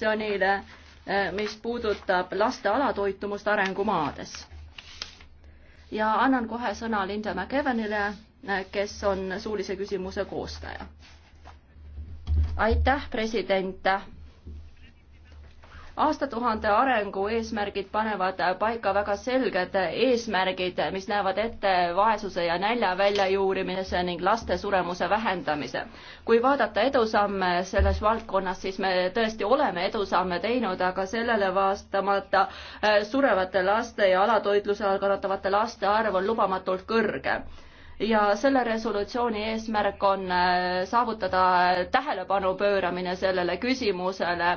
komisjonile, eh, mis puudutab laste alatoitumust arengumaades. ja annan kohe sõna Linda McEvanile, eh, kes on suulise küsimuse koostaja. aitäh, president aastatuhande arengu eesmärgid panevad paika väga selged eesmärgid, mis näevad ette vaesuse ja nälja väljajuurimise ning laste suremuse vähendamise. kui vaadata edusamme selles valdkonnas, siis me tõesti oleme edusamme teinud, aga sellele vastamata äh, surevate laste ja alatoitluse all kannatavate laste arv on lubamatult kõrge ja selle resolutsiooni eesmärk on äh, saavutada tähelepanu pööramine sellele küsimusele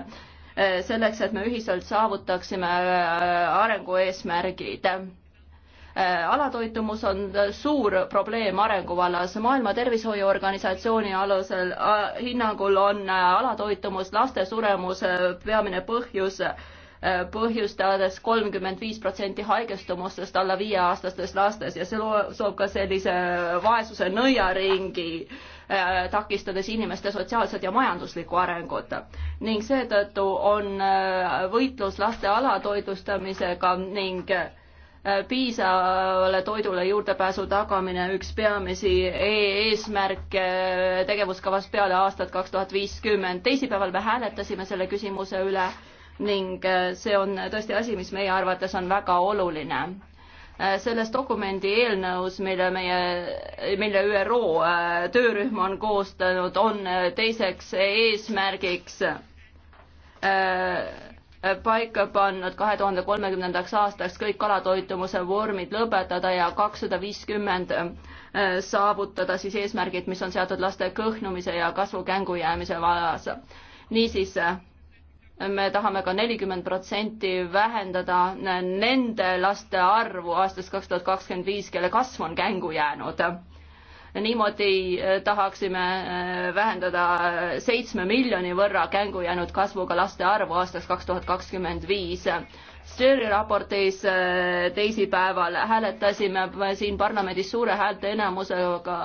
Eh, selleks, et me ühiselt saavutaksime eh, arengueesmärgid eh, alatoitumus on suur probleem arengu vallas. maailma Tervishoiuorganisatsiooni alusel hinnangul on alatoitumus laste suremuse peamine põhjus, põhjustades kolmkümmend viis protsenti haigestumustest alla viieaastastes lastes ja see loob, soob ka sellise vaesuse nõiaringi äh, Äh, takistades inimeste sotsiaalset ja majanduslikku arengut. ning seetõttu on äh, võitlus laste alatoitlustamisega ning äh, piisavale toidule juurdepääsu tagamine üks peamisi e eesmärke tegevuskavas peale aastat kaks tuhat viiskümmend. teisipäeval me hääletasime selle küsimuse üle ning see on tõesti asi, mis meie arvates on väga oluline Äh, selles dokumendi eelnõus, mille meie, mille ÜRO äh, töörühm on koostanud, on äh, teiseks eesmärgiks paika pannud kahe tuhande kolmekümnendaks aastaks kõik kalatoitumuse vormid lõpetada ja kakssada viiskümmend saavutada siis eesmärgid, mis on seatud laste kõhnumise ja kasvu kängu jäämise vallas. niisiis me tahame ka nelikümmend protsenti vähendada nende laste arvu aastast kaks tuhat kakskümmend viis, kelle kasv on kängu jäänud. niimoodi eh, tahaksime eh, vähendada seitsme miljoni võrra kängu jäänud kasvuga laste arvu aastaks kaks tuhat kakskümmend viis. Sterli raportis eh, teisipäeval hääletasime siin parlamendis suure häälteenamusega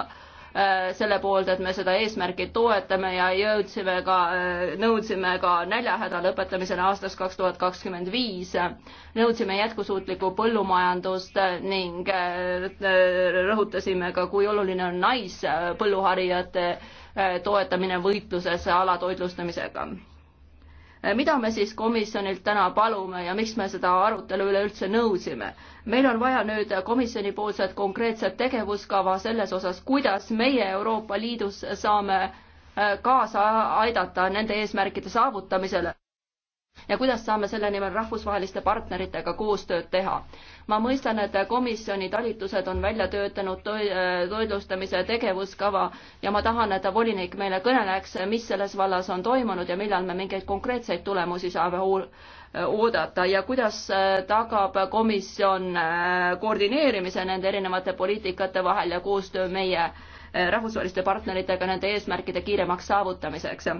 Äh, selle poolt, et me seda eesmärki toetame ja jõudsime ka, äh, nõudsime ka näljahäda lõpetamisele aastaks kaks tuhat kakskümmend viis. nõudsime jätkusuutlikku põllumajandust ning äh, rõhutasime ka, kui oluline on naispõlluharijate toetamine võitluses alatoitlustamisega Eh, mida me siis komisjonilt täna palume ja miks me seda arutelu üleüldse nõudsime? meil on vaja nüüd komisjoni poolset konkreetset tegevuskava selles osas, kuidas meie Euroopa Liidus saame eh, kaasa aidata nende eesmärkide saavutamisele ja kuidas saame selle nimel rahvusvaheliste partneritega koostööd teha ma mõistan, et komisjoni talitused on välja töötanud äh, toitlustamise tegevuskava ja ma tahan, et volinik meile kõneleks, mis selles vallas on toimunud ja millal me mingeid konkreetseid tulemusi saame äh, oodata ja kuidas äh, tagab komisjon koordineerimise nende erinevate poliitikate vahel ja koostöö meie rahvusvaheliste partneritega nende eesmärkide kiiremaks saavutamiseks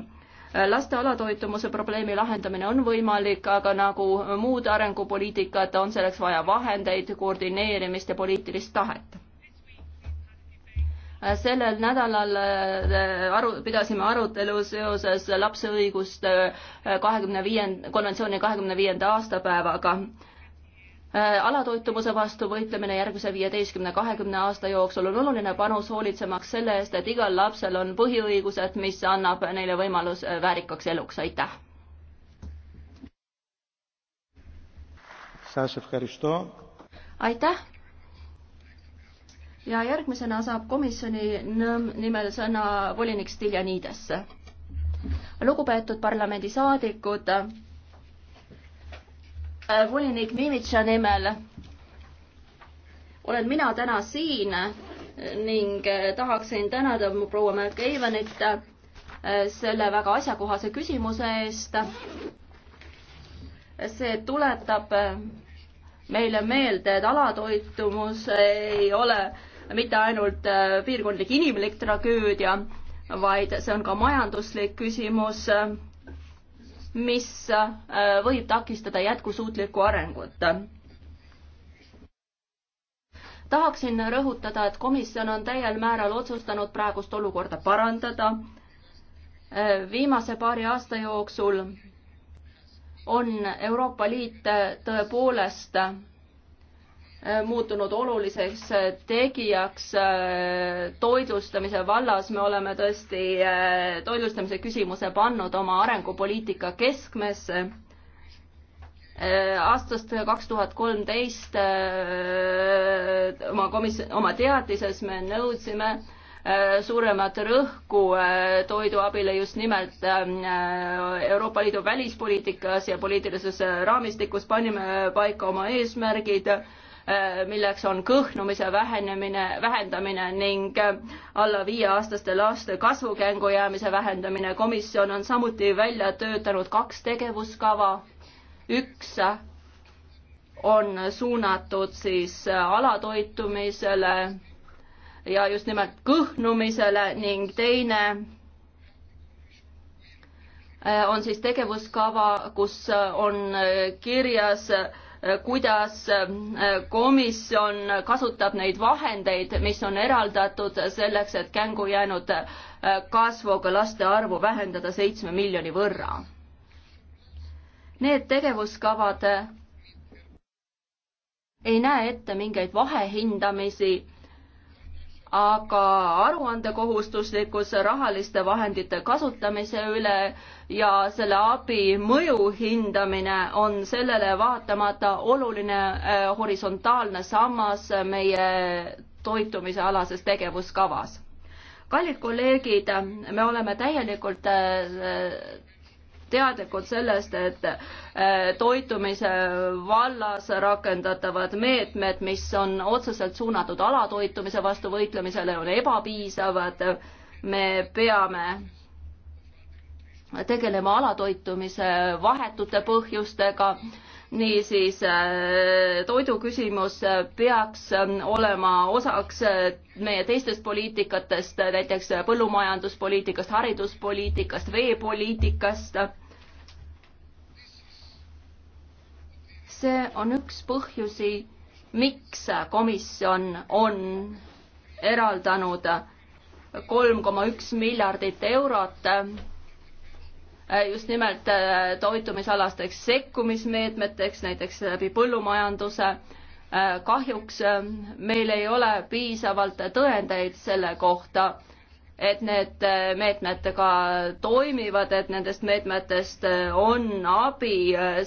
laste alatoitumuse probleemi lahendamine on võimalik, aga nagu muud arengupoliitikad, on selleks vaja vahendeid, koordineerimist ja poliitilist tahet. sellel nädalal äh, aru, pidasime arutelu seoses lapse õiguste kahekümne viienda, konventsiooni kahekümne viienda aastapäevaga Äh, alatoitumuse vastu võitlemine järgmise viieteistkümne, kahekümne aasta jooksul on oluline panus hoolitsemaks selle eest, et igal lapsel on põhiõigused, mis annab neile võimalus äh, väärikaks eluks, aitäh. aitäh. ja järgmisena saab komisjoni nimel sõna volinik Stiljanidesse. lugupeetud parlamendisaadikud Äh, volinik Mimitša nimel olen mina täna siin äh, ning äh, tahaksin tänada mu proua McEvenit selle väga asjakohase küsimuse eest. see tuletab meile meelde, et alatoitumus ei ole mitte ainult piirkondlik inimlik tragöödia, vaid see on ka majanduslik küsimus mis äh, võib takistada jätkusuutlikku arengut. tahaksin rõhutada, et komisjon on täiel määral otsustanud praegust olukorda parandada. Äh, viimase paari aasta jooksul on Euroopa Liit äh, tõepoolest Äh, muutunud oluliseks äh, tegijaks äh, toidlustamise vallas. me oleme tõesti toidlustamise küsimuse pannud oma arengupoliitika keskmesse. aastast kaks tuhat kolmteist oma komis-, oma teatises me nõudsime suuremat rõhku toiduabile just nimelt ähm, Euroopa Liidu välispoliitikas ja poliitilises raamistikus panime paika oma eesmärgid Äh, milleks on kõhnumise vähenemine, vähendamine ning äh, alla viieaastaste laste kasvukängu jäämise vähendamine. komisjon on samuti välja töötanud kaks tegevuskava. üks on suunatud siis äh, alatoitumisele ja just nimelt kõhnumisele ning teine on siis tegevuskava, kus on kirjas äh, Äh, kuidas äh, komisjon kasutab neid vahendeid, mis on eraldatud selleks, et kängu jäänud äh, kasvuga laste arvu vähendada seitsme miljoni võrra. Need tegevuskavad ei näe ette mingeid vahehindamisi aga aruandekohustuslikkus rahaliste vahendite kasutamise üle ja selle abi mõju hindamine on sellele vaatamata oluline äh, horisontaalne sammas meie toitumise alases tegevuskavas. kallid kolleegid, me oleme täielikult äh, teadlikud sellest, et äh, toitumise vallas rakendatavad meetmed, mis on otseselt suunatud alatoitumise vastu võitlemisele, on ebapiisavad. me peame tegelema alatoitumise vahetute põhjustega niisiis äh, toiduküsimus äh, peaks ähm, olema osaks äh, meie teistest poliitikatest, näiteks põllumajanduspoliitikast, hariduspoliitikast, veepoliitikast. see on üks põhjusi, miks komisjon on eraldanud kolm koma üks miljardit eurot Äh, just nimelt äh, toitumisalasteks sekkumismeetmeteks, näiteks läbi põllumajanduse. Äh, kahjuks ähm, meil ei ole piisavalt tõendeid selle kohta, et need meetmed ka toimivad, et nendest meetmetest on abi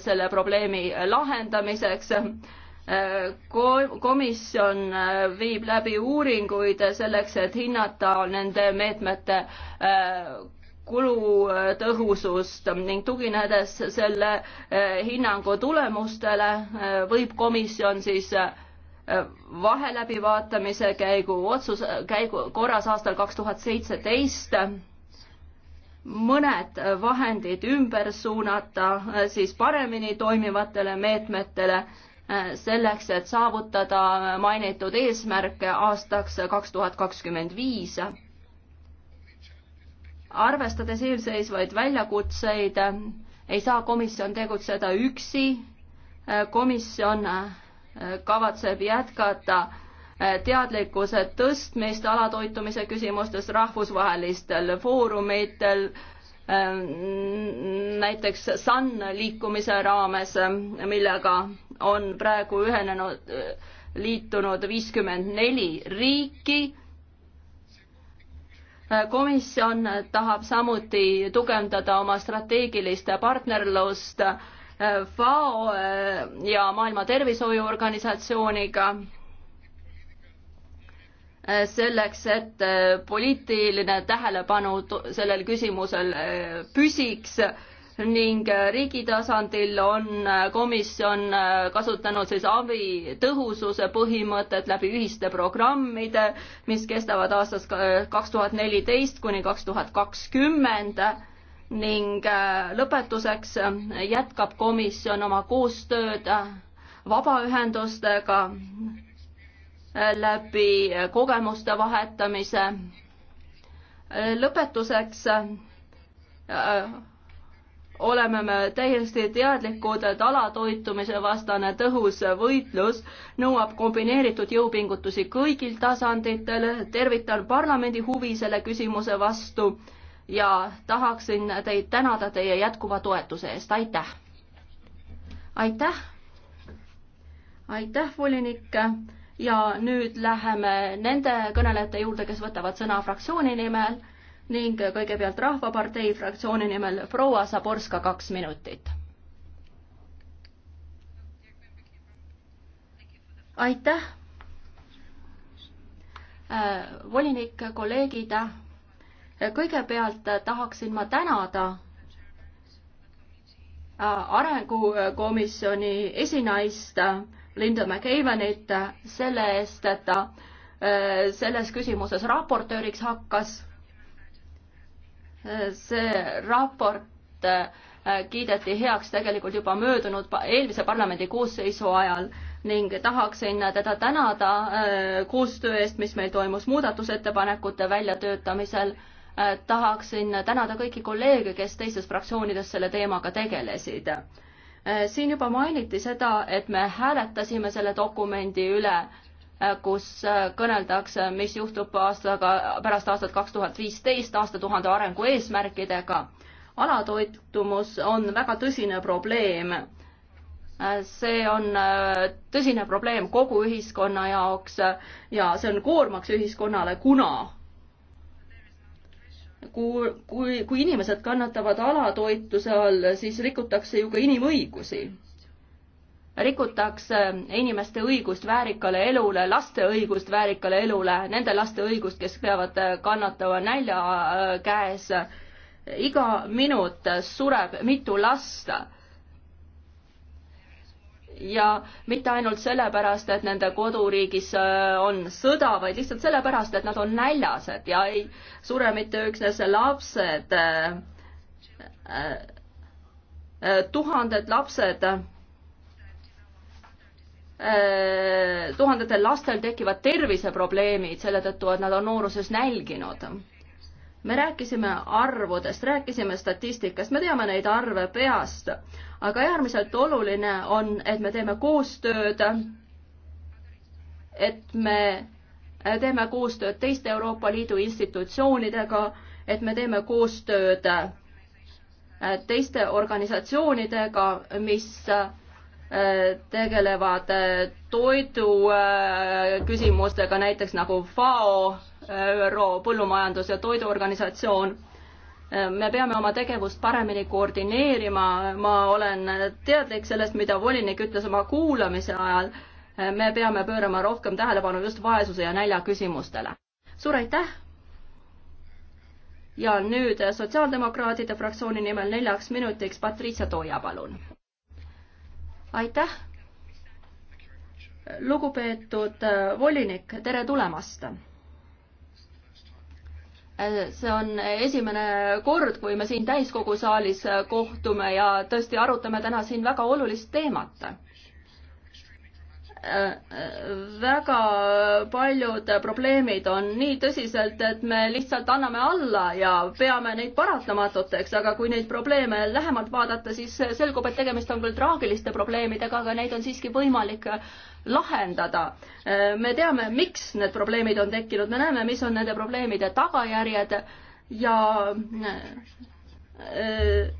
selle probleemi lahendamiseks komisjon viib läbi uuringuid selleks, et hinnata nende meetmete kulutõhusust ning tuginedes selle eh, hinnangu tulemustele eh, võib komisjon siis eh, vaheläbivaatamise käigu otsus, käigu korras aastal kaks tuhat seitseteist mõned vahendid ümber suunata siis paremini toimivatele meetmetele selleks, et saavutada mainitud eesmärke aastaks kaks tuhat kakskümmend viis arvestades eelseisvaid väljakutseid, ei saa komisjon tegutseda üksi. komisjon äh, kavatseb jätkata äh, teadlikkuse tõstmist alatoitumise küsimustes rahvusvahelistel foorumitel, äh, näiteks SUN liikumise raames, millega on praegu ühenenud, liitunud viiskümmend neli riiki komisjon tahab samuti tugevdada oma strateegilist partnerlust äh, FAO äh, ja Maailma Tervishoiuorganisatsiooniga äh, selleks, et poliitiline tähelepanu sellel küsimusel püsiks ning äh, riigi tasandil on äh, komisjon äh, kasutanud siis abi tõhususe põhimõtet läbi ühiste programmide, mis kestavad aastast kaks tuhat neliteist kuni kaks tuhat kakskümmend ning lõpetuseks jätkab komisjon oma koostööd vabaühendustega läbi kogemuste vahetamise. lõpetuseks oleme me täiesti teadlikud, et alatoitumise vastane tõhus võitlus nõuab kombineeritud jõupingutusi kõigil tasanditel. tervitan parlamendi huvi selle küsimuse vastu ja tahaksin teid tänada teie jätkuva toetuse eest, aitäh! aitäh! aitäh, volinik! ja nüüd läheme nende kõnelejate juurde, kes võtavad sõna fraktsiooni nimel ning kõigepealt Rahvapartei fraktsiooni nimel proua Saborska, kaks minutit. aitäh. Äh, volinik, kolleegid, äh, kõigepealt tahaksin ma tänada äh, arengukomisjoni esinaist Linda McAvenit selle eest, et ta selles küsimuses raportööriks hakkas see raport äh, kiideti heaks tegelikult juba möödunud eelmise parlamendi koosseisu ajal ning tahaksin teda tänada äh, koostöö eest, mis meil toimus muudatusettepanekute väljatöötamisel. Äh, tahaksin tänada kõiki kolleege, kes teistes fraktsioonides selle teemaga tegelesid. siin juba mainiti seda, et me hääletasime selle dokumendi üle kus äh, kõneldakse, mis juhtub aastaga, pärast aastat kaks tuhat viisteist aastatuhande arengu eesmärkidega. alatoitumus on väga tõsine probleem. Äh, see on äh, tõsine probleem kogu ühiskonna jaoks ja see on koormaks ühiskonnale, kuna kui, kui, kui inimesed kannatavad alatoitluse all, siis rikutakse ju ka inimõigusi rikutakse äh, inimeste õigust väärikale elule, laste õigust väärikale elule, nende laste õigust, kes peavad äh, kannatama nälja äh, käes. iga minut sureb mitu last. ja mitte ainult sellepärast, et nende koduriigis on sõda, vaid lihtsalt sellepärast, et nad on näljased ja ei sure mitte üksnes lapsed, tuhanded lapsed Äh, tuhandetel lastel tekivad terviseprobleemid selle tõttu, et nad on nooruses nälginud. me rääkisime arvudest, rääkisime statistikast, me teame neid arve peast, aga äärmiselt oluline on, et me teeme koostööd, et me teeme koostööd teiste Euroopa Liidu institutsioonidega, et me teeme koostööd teiste organisatsioonidega, mis tegelevad äh, toidu äh, küsimustega, näiteks nagu FAO, äh, ÜRO Põllumajandus- ja Toiduorganisatsioon. me peame oma tegevust paremini koordineerima, ma olen teadlik sellest, mida volinik ütles oma kuulamise ajal, me peame pöörama rohkem tähelepanu just vaesuse ja nälja küsimustele. suur aitäh! ja nüüd sotsiaaldemokraatide fraktsiooni nimel neljaks minutiks Patricia Toia, palun aitäh. lugupeetud äh, volinik, tere tulemast. Äh, see on esimene kord, kui me siin täiskogu saalis äh, kohtume ja tõesti arutame täna siin väga olulist teemat väga paljud probleemid on nii tõsiselt, et me lihtsalt anname alla ja peame neid paratamatuteks, aga kui neid probleeme lähemalt vaadata, siis selgub, et tegemist on küll traagiliste probleemidega, aga neid on siiski võimalik lahendada. me teame, miks need probleemid on tekkinud, me näeme, mis on nende probleemide tagajärjed ja Äh,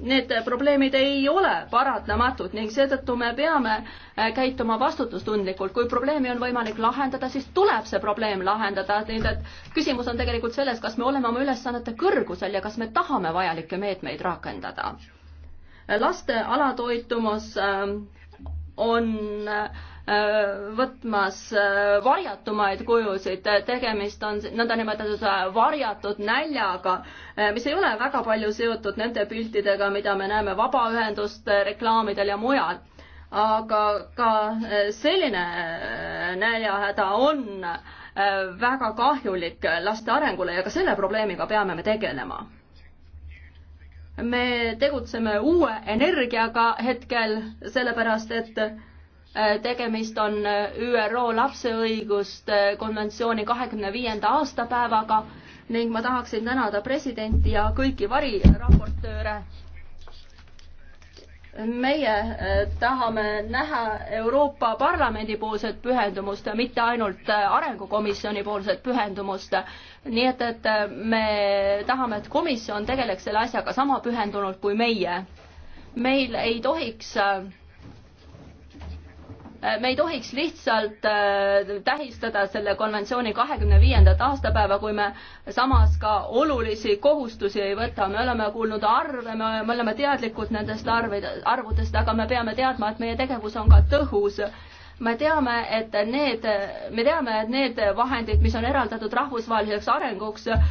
need probleemid ei ole paratamatud ning seetõttu me peame äh, käituma vastutustundlikult. kui probleemi on võimalik lahendada, siis tuleb see probleem lahendada. nii et küsimus on tegelikult selles, kas me oleme oma ülesannete kõrgusel ja kas me tahame vajalikke meetmeid rakendada. laste alatoitumus ähm, on äh, Äh, võtmas äh, varjatumaid kujusid, tegemist on nõndanimetatud varjatud näljaga, äh, mis ei ole väga palju seotud nende piltidega, mida me näeme vabaühenduste reklaamidel ja mujal. aga ka selline näljahäda on väga kahjulik laste arengule ja ka selle probleemiga peame me tegelema. me tegutseme uue energiaga hetkel, sellepärast et Äh, tegemist on äh, ÜRO lapseõiguste äh, konventsiooni kahekümne viienda aastapäevaga ning ma tahaksin tänada presidenti ja kõiki variraportööre. meie tahame näha Euroopa Parlamendi poolset pühendumust ja mitte ainult Arengukomisjoni poolset pühendumust. nii et, et me tahame, et komisjon tegeleks selle asjaga sama pühendunult kui meie. meil ei tohiks äh, Äh, me ei tohiks lihtsalt äh, tähistada selle konventsiooni kahekümne viiendat aastapäeva, kui me samas ka olulisi kohustusi ei võta. me oleme kuulnud arve, me oleme teadlikud nendest arvid, arvudest, aga me peame teadma, et meie tegevus on ka tõhus me teame, et need, me teame, et need vahendid, mis on eraldatud rahvusvaheliseks arenguks äh,,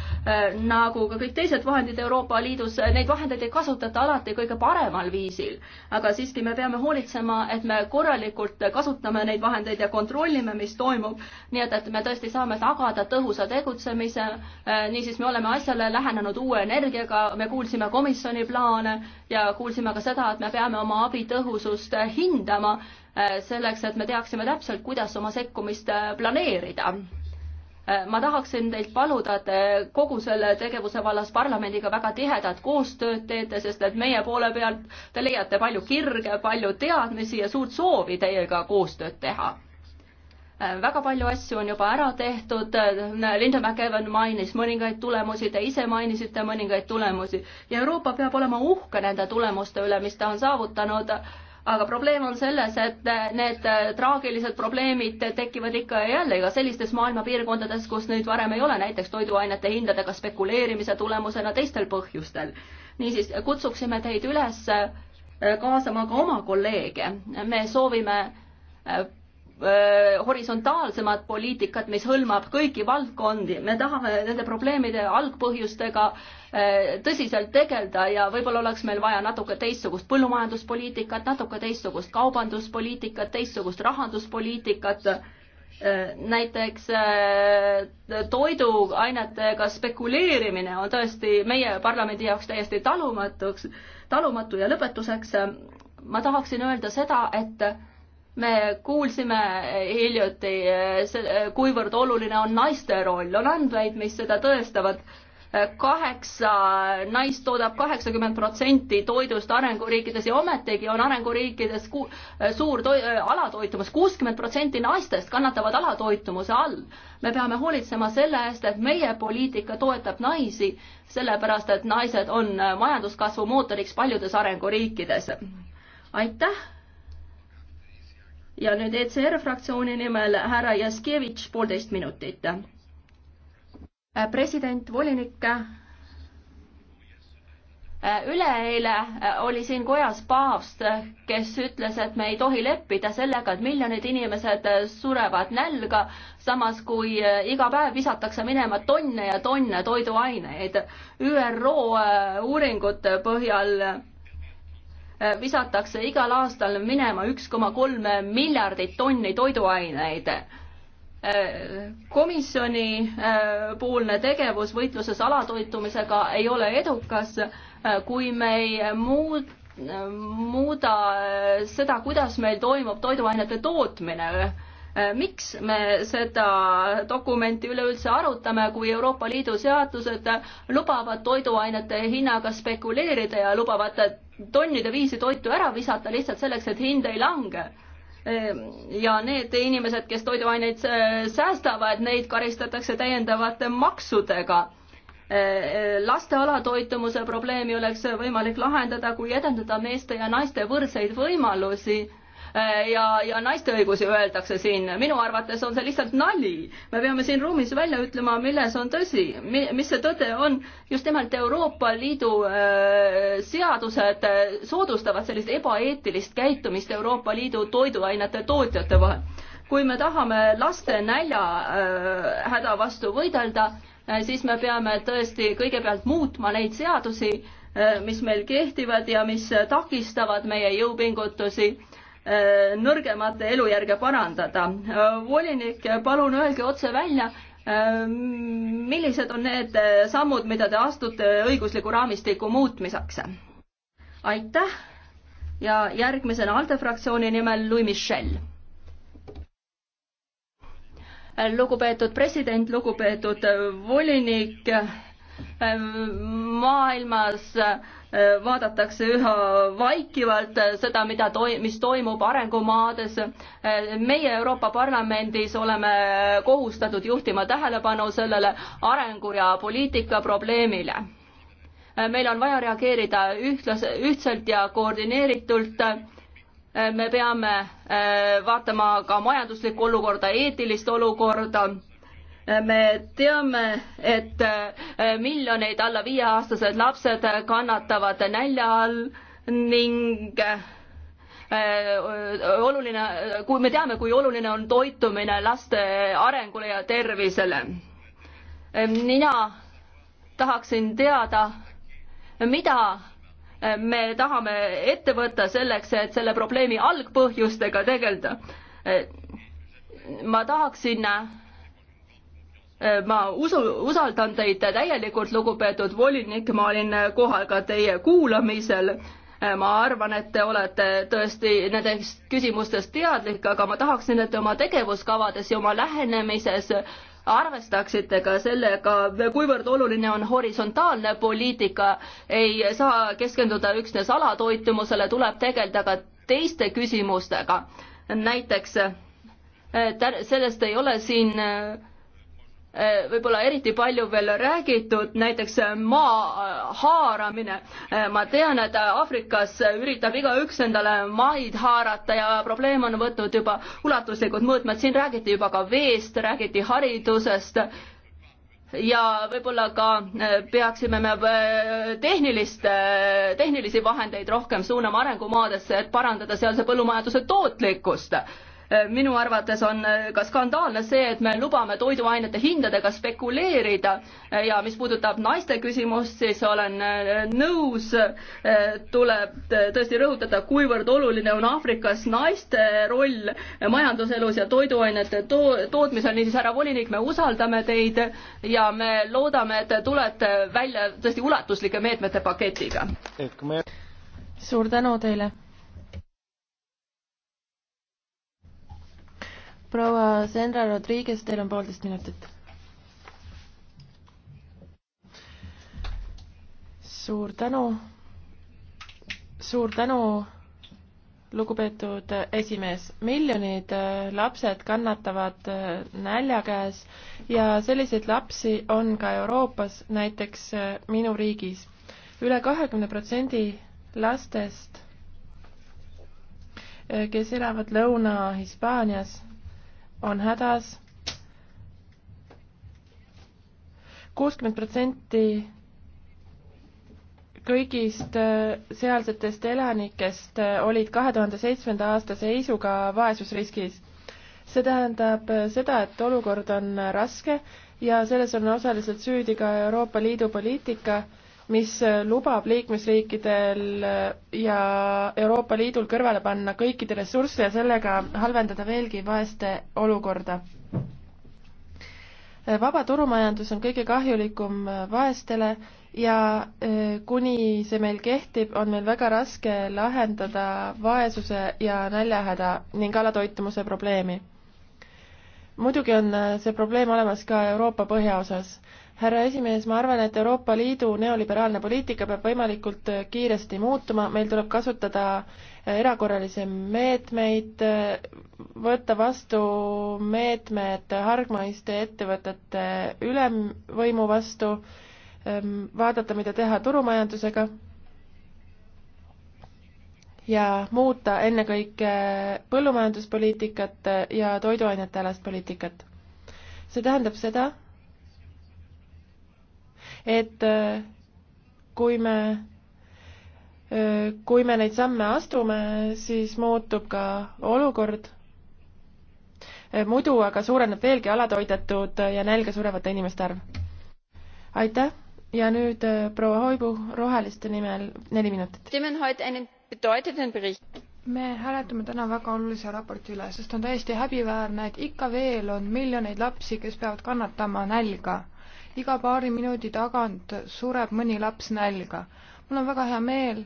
nagu ka kõik teised vahendid Euroopa Liidus, neid vahendeid ei kasutata alati kõige paremal viisil. aga siiski me peame hoolitsema, et me korralikult kasutame neid vahendeid ja kontrollime, mis toimub, nii et, et me tõesti saame tagada tõhusa tegutsemise äh,, niisiis me oleme asjale lähenenud uue energiaga, me kuulsime komisjoni plaane ja kuulsime ka seda, et me peame oma abi tõhusust hindama Äh, selleks, et me teaksime täpselt, kuidas oma sekkumist äh, planeerida. Äh, ma tahaksin teilt paluda, et kogu selle tegevuse vallas parlamendiga väga tihedat koostööd teete, sest et meie poole pealt te leiate palju kirge, palju teadmisi ja suurt soovi teiega koostööd teha väga palju asju on juba ära tehtud, Linda McEwan mainis mõningaid tulemusi, te ise mainisite mõningaid tulemusi ja Euroopa peab olema uhke nende tulemuste üle, mis ta on saavutanud aga probleem on selles, et äh, need äh, traagilised probleemid tekivad ikka ja jälle ka sellistes maailma piirkondades, kus neid varem ei ole, näiteks toiduainete hindadega spekuleerimise tulemusena teistel põhjustel. niisiis kutsuksime teid üles äh, kaasama ka oma kolleege, me soovime horisontaalsemat poliitikat, mis hõlmab kõiki valdkondi, me tahame nende probleemide algpõhjustega tõsiselt tegeleda ja võib-olla oleks meil vaja natuke teistsugust põllumajanduspoliitikat, natuke teistsugust kaubanduspoliitikat, teistsugust rahanduspoliitikat, näiteks toiduainetega spekuleerimine on tõesti meie parlamendi jaoks täiesti talumatuks, talumatu ja lõpetuseks ma tahaksin öelda seda, et me kuulsime hiljuti, eh, eh, kuivõrd oluline on naiste roll, on andmeid, mis seda tõestavad. kaheksa naist toodab kaheksakümmend protsenti toidust arenguriikides ja ometigi on arenguriikides ku, suur toi, eh, alatoitumus, kuuskümmend protsenti naistest kannatavad alatoitumuse all. me peame hoolitsema selle eest, et meie poliitika toetab naisi, sellepärast et naised on majanduskasvu mootoriks paljudes arenguriikides. aitäh ja nüüd ECR fraktsiooni nimel härra Jaskevitš, poolteist minutit. Äh, president, volinik. Äh, üleeile äh, oli siin kojas paavst, kes ütles, et me ei tohi leppida sellega, et miljonid inimesed surevad nälga, samas kui iga päev visatakse minema tonne ja tonne toiduaineid. ÜRO uuringute põhjal Äh, visatakse igal aastal minema üks koma kolm miljardit tonni toiduaineid äh, komisjoni äh, poolne tegevus võitluses alatoitumisega ei ole edukas, kui me ei muud, muuda seda, kuidas meil toimub toiduainete tootmine Äh, miks me seda dokumenti üleüldse arutame, kui Euroopa Liidu seadused lubavad toiduainete hinnaga spekuleerida ja lubavad tonnide viisi toitu ära visata lihtsalt selleks, et hind ei lange. Äh, ja need inimesed, kes toiduaineid äh, säästavad, neid karistatakse täiendavate maksudega laste alatoitumuse probleemi oleks võimalik lahendada, kui edendada meeste ja naiste võrdseid võimalusi Äh, ja, ja naiste õigusi öeldakse siin. minu arvates on see lihtsalt nali. me peame siin ruumis välja ütlema, milles on tõsi, mis see tõde on. just nimelt Euroopa Liidu äh, seadused äh, soodustavad sellist ebaeetilist käitumist Euroopa Liidu toiduainete tootjate vahel. kui me tahame laste nälja häda vastu võidelda, siis me peame tõesti kõigepealt muutma neid seadusi, mis meil kehtivad ja mis takistavad meie jõupingutusi Äh, nõrgemate elujärge parandada. Äh, volinik, palun öelge otse välja, äh, millised on need sammud, mida te astute õigusliku raamistiku muutmiseks? aitäh ja järgmisena ALDE fraktsiooni nimel Louis Michel. lugupeetud president, lugupeetud volinik, maailmas äh, vaadatakse üha vaikivalt seda, mida toi-, mis toimub arengumaades. meie Euroopa Parlamendis oleme kohustatud juhtima tähelepanu sellele arengu ja poliitika probleemile. meil on vaja reageerida ühtlase, ühtselt ja koordineeritult me peame eh, vaatama ka majanduslikku olukorda, eetilist olukorda me teame, et äh, miljoneid alla viieaastased lapsed kannatavad nälja all ning äh, äh, oluline, kui me teame, kui oluline on toitumine laste arengule ja tervisele. mina tahaksin teada, mida me tahame ette võtta selleks, et selle probleemi algpõhjustega tegeleda. ma tahaksin ma usu, usaldan teid täielikult, lugupeetud volinik, ma olin kohal ka teie kuulamisel. ma arvan, et te olete tõesti nendest küsimustest teadlik, aga ma tahaksin, et te oma tegevuskavades ja oma lähenemises arvestaksite ka sellega, kuivõrd oluline on horisontaalne poliitika, ei saa keskenduda üksnes alatoitumusele, tuleb tegeleda ka teiste küsimustega. näiteks sellest ei ole siin äh, Äh, võib-olla eriti palju veel räägitud, näiteks äh, maa äh, haaramine. ma tean, et Aafrikas üritab igaüks endale maid haarata ja probleem on võtnud juba ulatuslikud mõõtmed, siin räägiti juba ka veest, räägiti haridusest ja võib-olla ka peaksime me tehnilist, tehnilisi vahendeid rohkem suunama arengumaadesse, et parandada sealse põllumajanduse tootlikkust Äh, minu arvates on äh, ka skandaalne see, et me lubame toiduainete hindadega spekuleerida äh, ja mis puudutab naiste küsimust, siis olen nõus, tuleb tõesti rõhutada, kuivõrd oluline on Aafrikas naiste roll majanduselus ja toiduainete to tootmisel, niisiis härra volinik, me usaldame teid ja me loodame, et te tulete välja tõesti ulatuslike meetmete paketiga. suur tänu teile proua Senra Rodriguez, teil on poolteist minutit. suur tänu, suur tänu, lugupeetud esimees. miljonid äh, lapsed kannatavad äh, nälja käes ja selliseid lapsi on ka Euroopas, näiteks äh, minu riigis üle. üle kahekümne protsendi lastest, kes elavad Lõuna-Hispaanias on hädas. kuuskümmend protsenti kõigist äh, sealsetest elanikest äh, olid kahe tuhande seitsmenda aasta seisuga vaesusriskis. see tähendab äh, seda, et olukord on raske ja selles on osaliselt süüdi ka Euroopa Liidu poliitika mis lubab liikmesriikidel ja Euroopa Liidul kõrvale panna kõikide ressursse ja sellega halvendada veelgi vaeste olukorda. vaba turumajandus on kõige kahjulikum vaestele ja e, kuni see meil kehtib, on meil väga raske lahendada vaesuse ja näljahäda ning alatoitumuse probleemi. muidugi on e, see probleem olemas ka Euroopa põhjaosas härra esimees, ma arvan, et Euroopa Liidu neoliberaalne poliitika peab võimalikult äh, kiiresti muutuma, meil tuleb kasutada äh, erakorralisi meetmeid, äh, võtta vastu meetmed hargmaiste ettevõtete ülemvõimu vastu, ähm, vaadata, mida teha turumajandusega ja muuta ennekõike põllumajanduspoliitikat ja toiduainetealast poliitikat. see tähendab seda, et äh, kui me, äh, kui me neid samme astume, siis muutub ka olukord. Äh, muidu aga suureneb veelgi alatoidetud ja nälga surevate inimeste arv. aitäh ja nüüd proua Hoibu Roheliste nimel neli minutit me hääletame täna väga olulise raporti üle, sest on täiesti häbiväärne, et ikka veel on miljoneid lapsi, kes peavad kannatama nälga iga paari minuti tagant sureb mõni laps nälga. mul on väga hea meel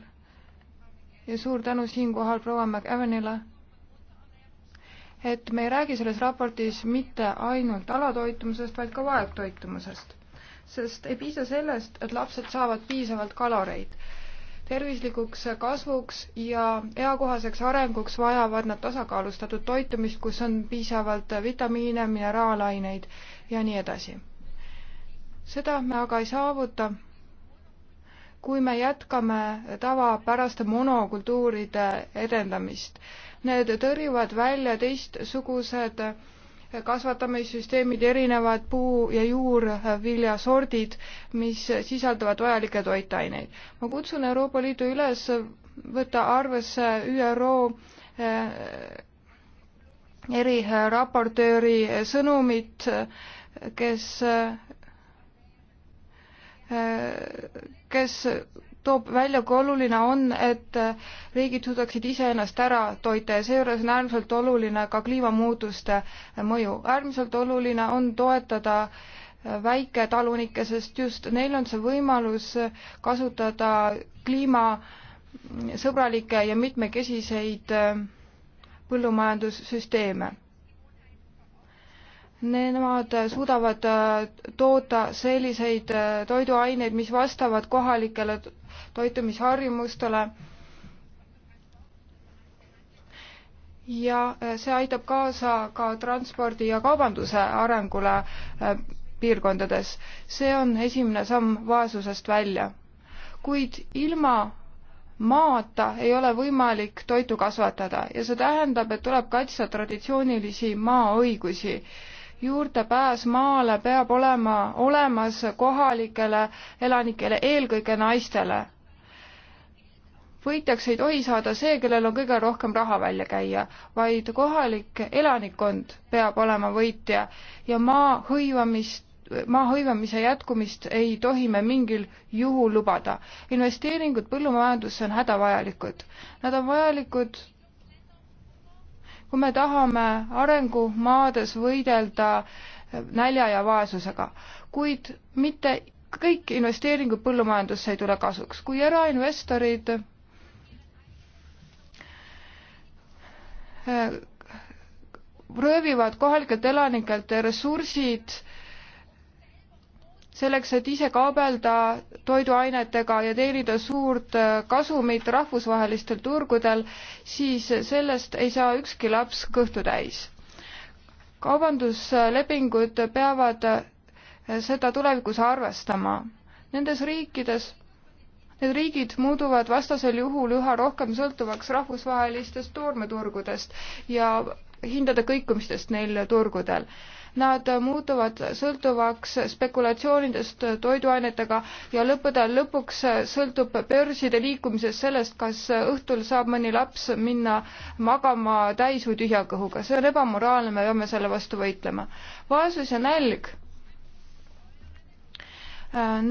ja suur tänu siinkohal proua McEvenile, et me ei räägi selles raportis mitte ainult alatoitumisest, vaid ka vaegtoitumisest. sest ei piisa sellest, et lapsed saavad piisavalt kaloreid. tervislikuks kasvuks ja eakohaseks arenguks vajavad nad tasakaalustatud toitumist, kus on piisavalt vitamiine, mineraalaineid ja nii edasi seda me aga ei saavuta, kui me jätkame tavapäraste monokultuuride edendamist. Need tõrjuvad välja teistsugused kasvatamissüsteemid, erinevad puu- ja juurviljasordid, mis sisaldavad vajalikke toitaineid. ma kutsun Euroopa Liidu üles võtta arvesse ÜRO eh, eriraportööri sõnumit, kes kes toob välja, kui oluline on, et riigid suudaksid iseennast ära toita ja seejuures on äärmiselt oluline ka kliimamuutuste mõju. äärmiselt oluline on toetada väiketalunikke, sest just neil on see võimalus kasutada kliimasõbralikke ja mitmekesiseid põllumajandussüsteeme Nemad äh, suudavad äh, toota selliseid äh, toiduaineid, mis vastavad kohalikele toitumisharjumustele. ja see aitab kaasa ka transpordi ja kaubanduse arengule piirkondades. see on esimene samm vaesusest välja. kuid ilma maata ei ole võimalik toitu kasvatada ja see tähendab, et tuleb kaitsta traditsioonilisi maaõigusi juurdepääs maale peab olema olemas kohalikele elanikele, eelkõige naistele. võitjaks ei tohi saada see, kellel on kõige rohkem raha välja käia, vaid kohalik elanikkond peab olema võitja ja maa hõivamist maa hõivamise jätkumist ei tohi me mingil juhul lubada. investeeringud põllumajandusse on hädavajalikud. Nad on vajalikud kui me tahame arengumaades võidelda nälja ja vaesusega, kuid mitte kõik investeeringud põllumajandusse ei tule kasuks. kui erainvestorid eh, röövivad kohalikelt elanikelt ressursid, selleks, et ise kaubelda toiduainetega ja teenida suurt äh, kasumit rahvusvahelistel turgudel, siis sellest ei saa ükski laps kõhtu täis. kaubanduslepingud peavad äh, seda tulevikus arvestama. Nendes riikides, need riigid muutuvad vastasel juhul üha rohkem sõltuvaks rahvusvahelistest toormeturgudest ja hindade kõikumistest neil turgudel nad muutuvad sõltuvaks spekulatsioonidest toiduainetega ja lõppude lõpuks sõltub börside liikumisest sellest, kas õhtul saab mõni laps minna magama täis või tühja kõhuga. see on ebamoraalne, me peame selle vastu võitlema. vaesus ja nälg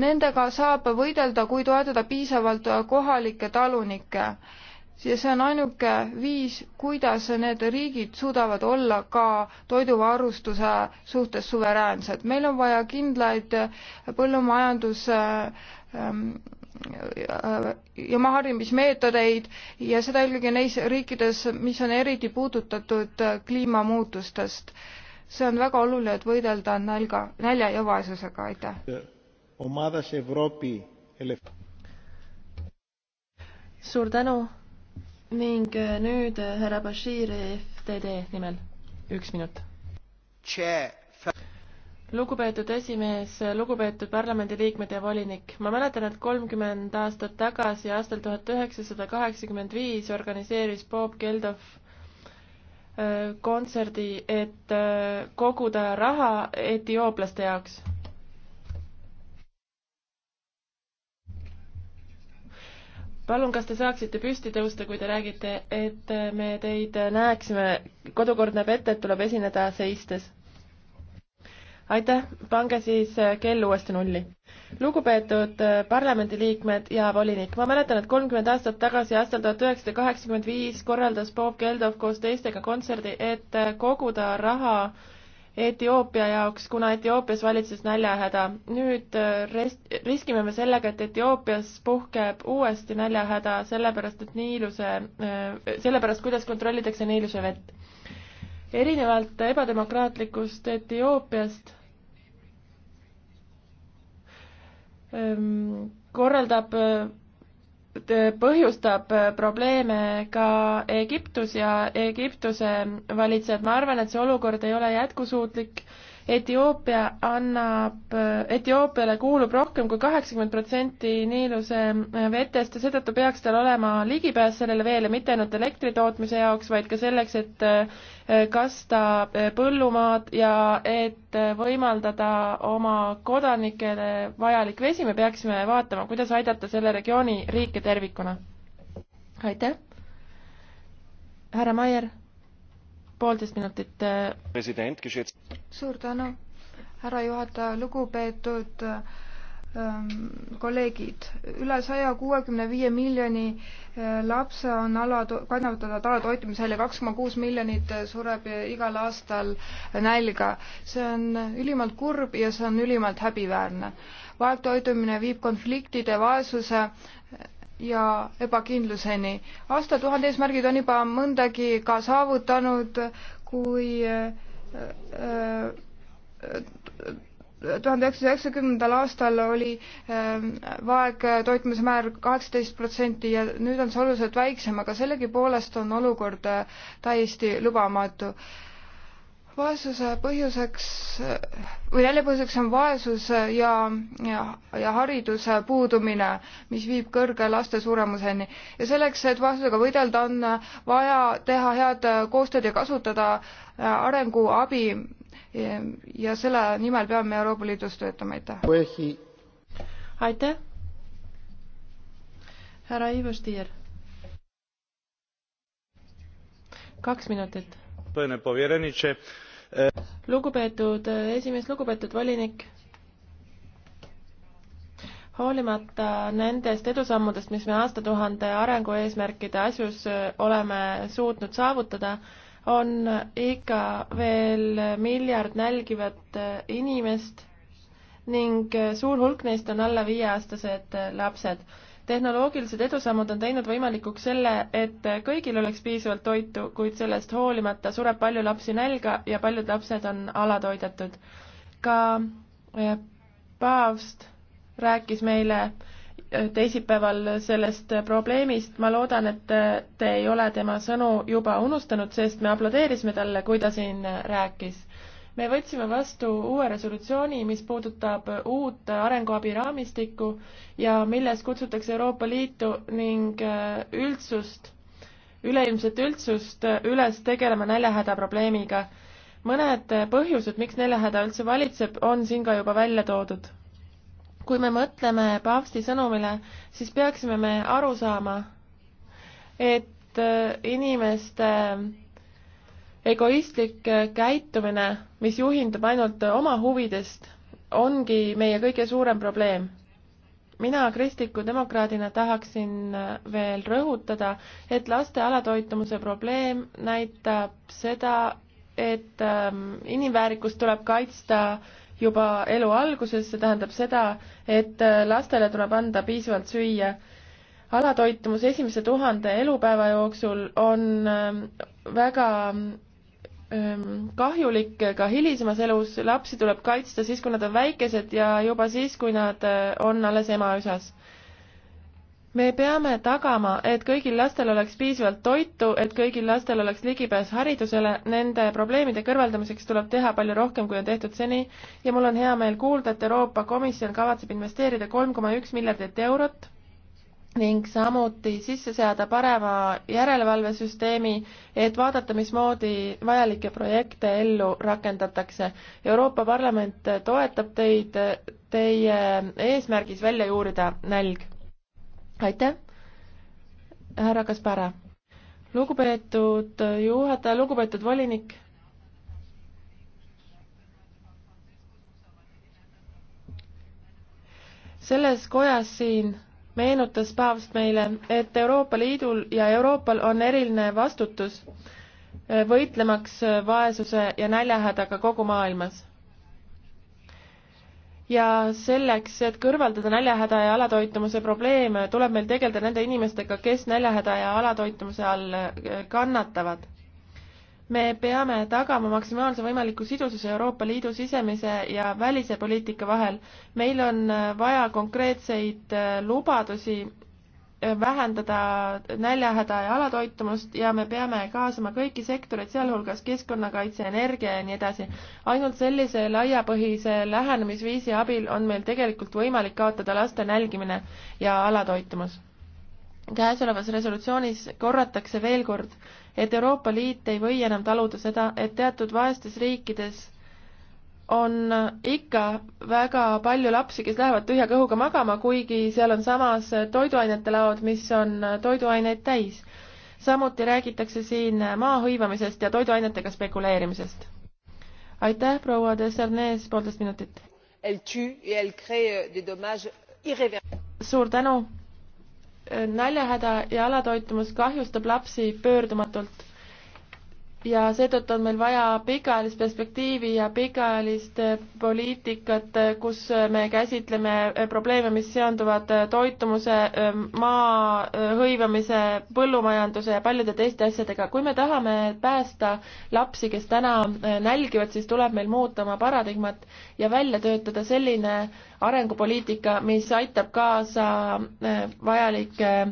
Nendega saab võidelda, kui toetada piisavalt kohalikke talunikke ja see on ainuke viis, kuidas need riigid suudavad olla ka toiduvarustuse suhtes suveräänsed. meil on vaja kindlaid põllumajandus ähm, ja maharimismeetodeid ja seda eelkõige neis riikides, mis on eriti puudutatud kliimamuutustest. see on väga oluline, et võidelda nälga, nälja ja vaesusega, aitäh. suur tänu ning äh, nüüd äh, härra Bashir FTD nimel üks minut. lugupeetud esimees, lugupeetud parlamendiliikmed ja volinik, ma mäletan, et kolmkümmend aastat tagasi, aastal tuhat üheksasada kaheksakümmend viis organiseeris Bob Geldof äh, kontserdi, et koguda raha etiooplaste jaoks palun, kas te saaksite püsti tõusta, kui te räägite, et me teid näeksime, kodukord näeb ette, et tuleb esineda seistes. aitäh, pange siis kell uuesti nulli. lugupeetud parlamendiliikmed ja volinik, ma mäletan, et kolmkümmend aastat tagasi, aastal tuhat üheksasada kaheksakümmend viis korraldas Bob Geldof koos teistega kontserdi, et koguda raha Etioopia jaoks, kuna Etioopias valitses näljahäda. nüüd äh, rest-, riskime me sellega, et Etioopias puhkeb uuesti näljahäda, sellepärast et Niiluse, äh, sellepärast kuidas kontrollitakse Niiluse vett. erinevalt ebademokraatlikust Etioopiast ähm, korraldab äh, põhjustab probleeme ka Egiptus ja Egiptuse valitsejad, ma arvan, et see olukord ei ole jätkusuutlik Etioopia annab, Etioopiale kuulub rohkem kui kaheksakümmend protsenti Niiluse äh, vetest ja seetõttu peaks tal olema ligipääs sellele veele mitte ainult elektri tootmise jaoks, vaid ka selleks, et äh, kasta äh, põllumaad ja et võimaldada oma kodanikele vajalik vesi, me peaksime vaatama, kuidas aidata selle regiooni riike tervikuna. aitäh! härra Maier, poolteist minutit. president, küsimus suur tänu, härra juhataja, lugupeetud ähm, kolleegid, üle saja kuuekümne viie miljoni äh, lapse on ala, kannatavad ala toitumisel ja kaks koma kuus miljonit äh, sureb äh, igal aastal nälga. see on ülimalt kurb ja see on ülimalt häbiväärne. vaegtoitumine viib konfliktide, vaesuse ja ebakindluseni. aastatuhande eesmärgid on juba mõndagi ka saavutanud, kui tuhande üheksasaja üheksakümnendal aastal oli ähm, vaeg toitumise määr kaheksateist protsenti ja nüüd on see oluliselt väiksem, aga sellegipoolest on olukord äh, täiesti lubamatu vaesuse põhjuseks või näljapõhjuseks on vaesus ja, ja, ja hariduse puudumine, mis viib kõrge laste suremuseni. ja selleks, et vaesusega võidelda, on vaja teha head koostööd ja kasutada arenguabi ja, ja selle nimel peame Euroopa Liidus töötama, aitäh! aitäh! härra Ivo Stier. kaks minutit. Gospodine povjereniče, lugupeetud äh, esimees, lugupeetud volinik hoolimata nendest edusammudest, mis me aastatuhande arengueesmärkide asjus äh, oleme suutnud saavutada, on ikka veel miljard nälgivat äh, inimest ning suur hulk neist on alla viieaastased lapsed tehnoloogilised edusammud on teinud võimalikuks selle, et kõigil oleks piisavalt toitu, kuid sellest hoolimata sureb palju lapsi nälga ja paljud lapsed on alatoidetud. ka eh, paavst rääkis meile eh, teisipäeval sellest probleemist, ma loodan, et te ei ole tema sõnu juba unustanud, sest me aplodeerisime talle, kui ta siin rääkis me võtsime vastu uue resolutsiooni, mis puudutab uut arenguabi raamistikku ja milles kutsutakse Euroopa Liitu ning äh, üldsust, üleilmset üldsust äh, üles tegelema näljahäda probleemiga. mõned äh, põhjused, miks näljahäda üldse valitseb, on siin ka juba välja toodud. kui me mõtleme paavsti sõnumile, siis peaksime me aru saama, et inimeste egoistlik käitumine, mis juhindub ainult oma huvidest, ongi meie kõige suurem probleem. mina kristliku demokraadina tahaksin veel rõhutada, et laste alatoitumuse probleem näitab seda, et ähm, inimväärikust tuleb kaitsta juba elu alguses, see tähendab seda, et äh, lastele tuleb anda piisavalt süüa. alatoitumus esimese tuhande elupäeva jooksul on ähm, väga kahjulik ka hilisemas elus, lapsi tuleb kaitsta siis, kui nad on väikesed ja juba siis, kui nad on alles emaüsas. me peame tagama, et kõigil lastel oleks piisavalt toitu, et kõigil lastel oleks ligipääs haridusele, nende probleemide kõrvaldamiseks tuleb teha palju rohkem, kui on tehtud seni ja mul on hea meel kuulda, et Euroopa Komisjon kavatseb investeerida kolm koma üks miljardit eurot ning samuti sisse seada parema järelevalvesüsteemi, et vaadata, mismoodi vajalikke projekte ellu rakendatakse. Euroopa Parlament toetab teid teie eesmärgis välja juurida nälg. aitäh, härra Kaspara. lugupeetud juhataja, lugupeetud volinik selles kojas siin meenutas paavst meile, et Euroopa Liidul ja Euroopal on eriline vastutus eh, võitlemaks eh, vaesuse ja näljahädaga kogu maailmas. ja selleks, et kõrvaldada näljahäda ja alatoitumuse probleeme, tuleb meil tegeleda nende inimestega, kes näljahäda ja alatoitumuse all eh, kannatavad me peame tagama maksimaalse võimaliku sidususe Euroopa Liidu sisemise ja välise poliitika vahel. meil on vaja konkreetseid äh, lubadusi äh, vähendada näljahäda ja alatoitumust ja me peame kaasama kõiki sektoreid, sealhulgas keskkonnakaitse, energia ja nii edasi. ainult sellise laiapõhise lähenemisviisi abil on meil tegelikult võimalik kaotada laste nälgimine ja alatoitumus käesolevas resolutsioonis korratakse veel kord, et Euroopa Liit ei või enam taluda seda, et teatud vaestes riikides on ikka väga palju lapsi, kes lähevad tühja kõhuga magama, kuigi seal on samas toiduainete laod, mis on toiduaineid täis. samuti räägitakse siin maa hõivamisest ja toiduainetega spekuleerimisest. aitäh, proua Desarnes, poolteist minutit. suur tänu näljahäda ja alatoitumus kahjustab lapsi pöördumatult ja seetõttu on meil vaja pikaajalist perspektiivi ja pikaajalist poliitikat, kus me käsitleme probleeme, mis seonduvad toitumuse, maa hõivamise, põllumajanduse ja paljude teiste asjadega. kui me tahame päästa lapsi, kes täna nälgivad, siis tuleb meil muuta oma paradigmat ja välja töötada selline arengupoliitika, mis aitab kaasa äh, vajalike äh,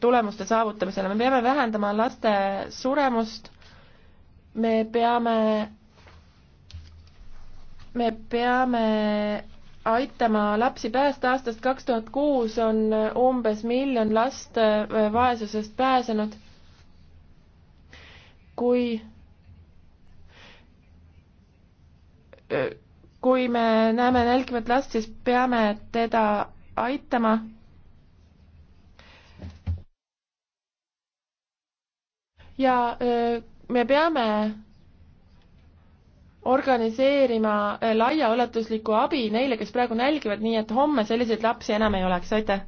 tulemuste saavutamisele. me peame vähendama laste suremust, me peame, me peame aitama lapsi päästa, aastast kaks tuhat kuus on umbes miljon last äh, vaesusest pääsenud. kui kui me näeme nälgivat last, siis peame teda aitama. ja äh, me peame organiseerima äh, laiaulatuslikku abi neile, kes praegu nälgivad, nii et homme selliseid lapsi enam ei oleks, aitäh!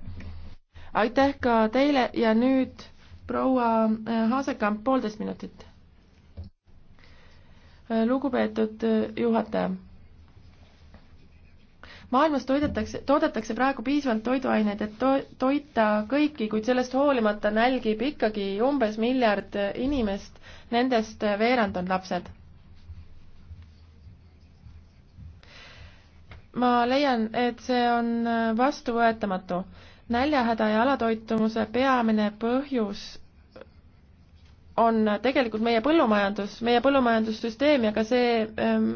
aitäh ka teile ja nüüd proua äh, Haasekamp, poolteist minutit. lugupeetud juhataja maailmas toidetakse, toodetakse praegu piisavalt toiduaineid, et to-, toita kõiki, kuid sellest hoolimata nälgib ikkagi umbes miljard inimest, nendest veerand on lapsed. ma leian, et see on vastuvõetamatu. näljahäda ja alatoitumuse peamine põhjus on tegelikult meie põllumajandus, meie põllumajandussüsteem ja ka see, ähm,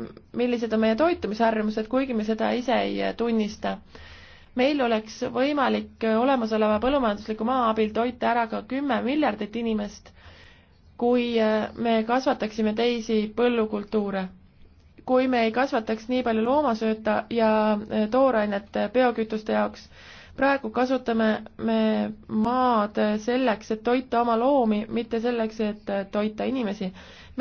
millised on meie toitumisharjumused, kuigi me seda ise ei äh, tunnista. meil oleks võimalik äh, olemasoleva põllumajandusliku maa abil toita ära ka kümme miljardit inimest, kui äh, me kasvataksime teisi põllukultuure. kui me ei kasvataks nii palju loomasööta ja toorainet biokütuste jaoks praegu kasutame me maad selleks, et toita oma loomi, mitte selleks, et toita inimesi.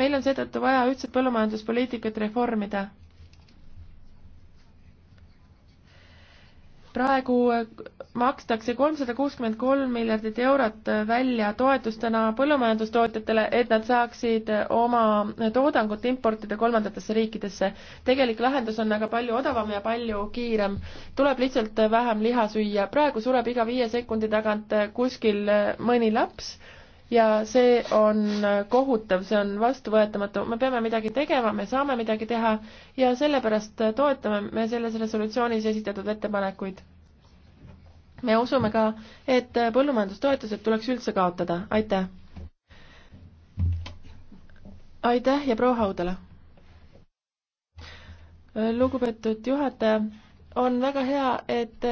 meil on seetõttu vaja ühtset põllumajanduspoliitikat reformida praegu makstakse kolmsada kuuskümmend kolm miljardit eurot välja toetustena põllumajandustootjatele, et nad saaksid oma toodangut importida kolmandatesse riikidesse. tegelik lahendus on aga palju odavam ja palju kiirem. tuleb lihtsalt vähem liha süüa. praegu sureb iga viie sekundi tagant kuskil mõni laps ja see on kohutav, see on vastuvõetamatu, me peame midagi tegema, me saame midagi teha ja sellepärast toetame me selles resolutsioonis esitatud ettepanekuid. me usume ka, et põllumajandustoetused tuleks üldse kaotada, aitäh. aitäh ja proua Haudala. lugupeetud juhataja, on väga hea, et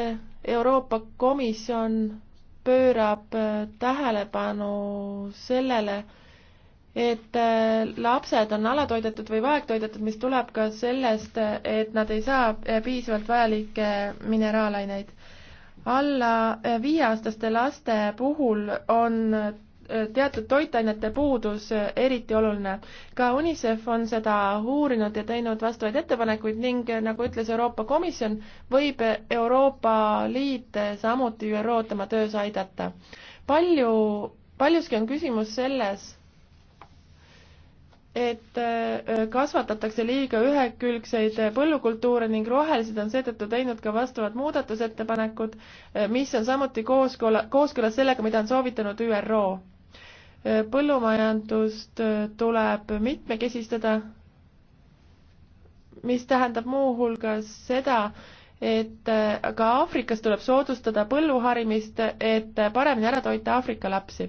Euroopa Komisjon pöörab äh, tähelepanu sellele, et äh, lapsed on alatoidetud või vaegtoidetud, mis tuleb ka sellest, et nad ei saa äh, piisavalt vajalikke mineraalaineid. alla viieaastaste laste puhul on teatud toitainete puudus eriti oluline. ka UNICEF on seda uurinud ja teinud vastavaid ettepanekuid ning nagu ütles Euroopa Komisjon, võib Euroopa Liit samuti ÜRO-d tema töös aidata. palju, paljuski on küsimus selles, et äh, kasvatatakse liiga ühekülgseid põllukultuure ning rohelised on seetõttu teinud ka vastavad muudatusettepanekud, äh, mis on samuti kooskõla, kooskõlas sellega, mida on soovitanud ÜRO põllumajandust äh, tuleb mitmekesistada, mis tähendab muuhulgas seda, et äh, ka Aafrikas tuleb soodustada põlluharimist, et paremini ära toita Aafrika lapsi.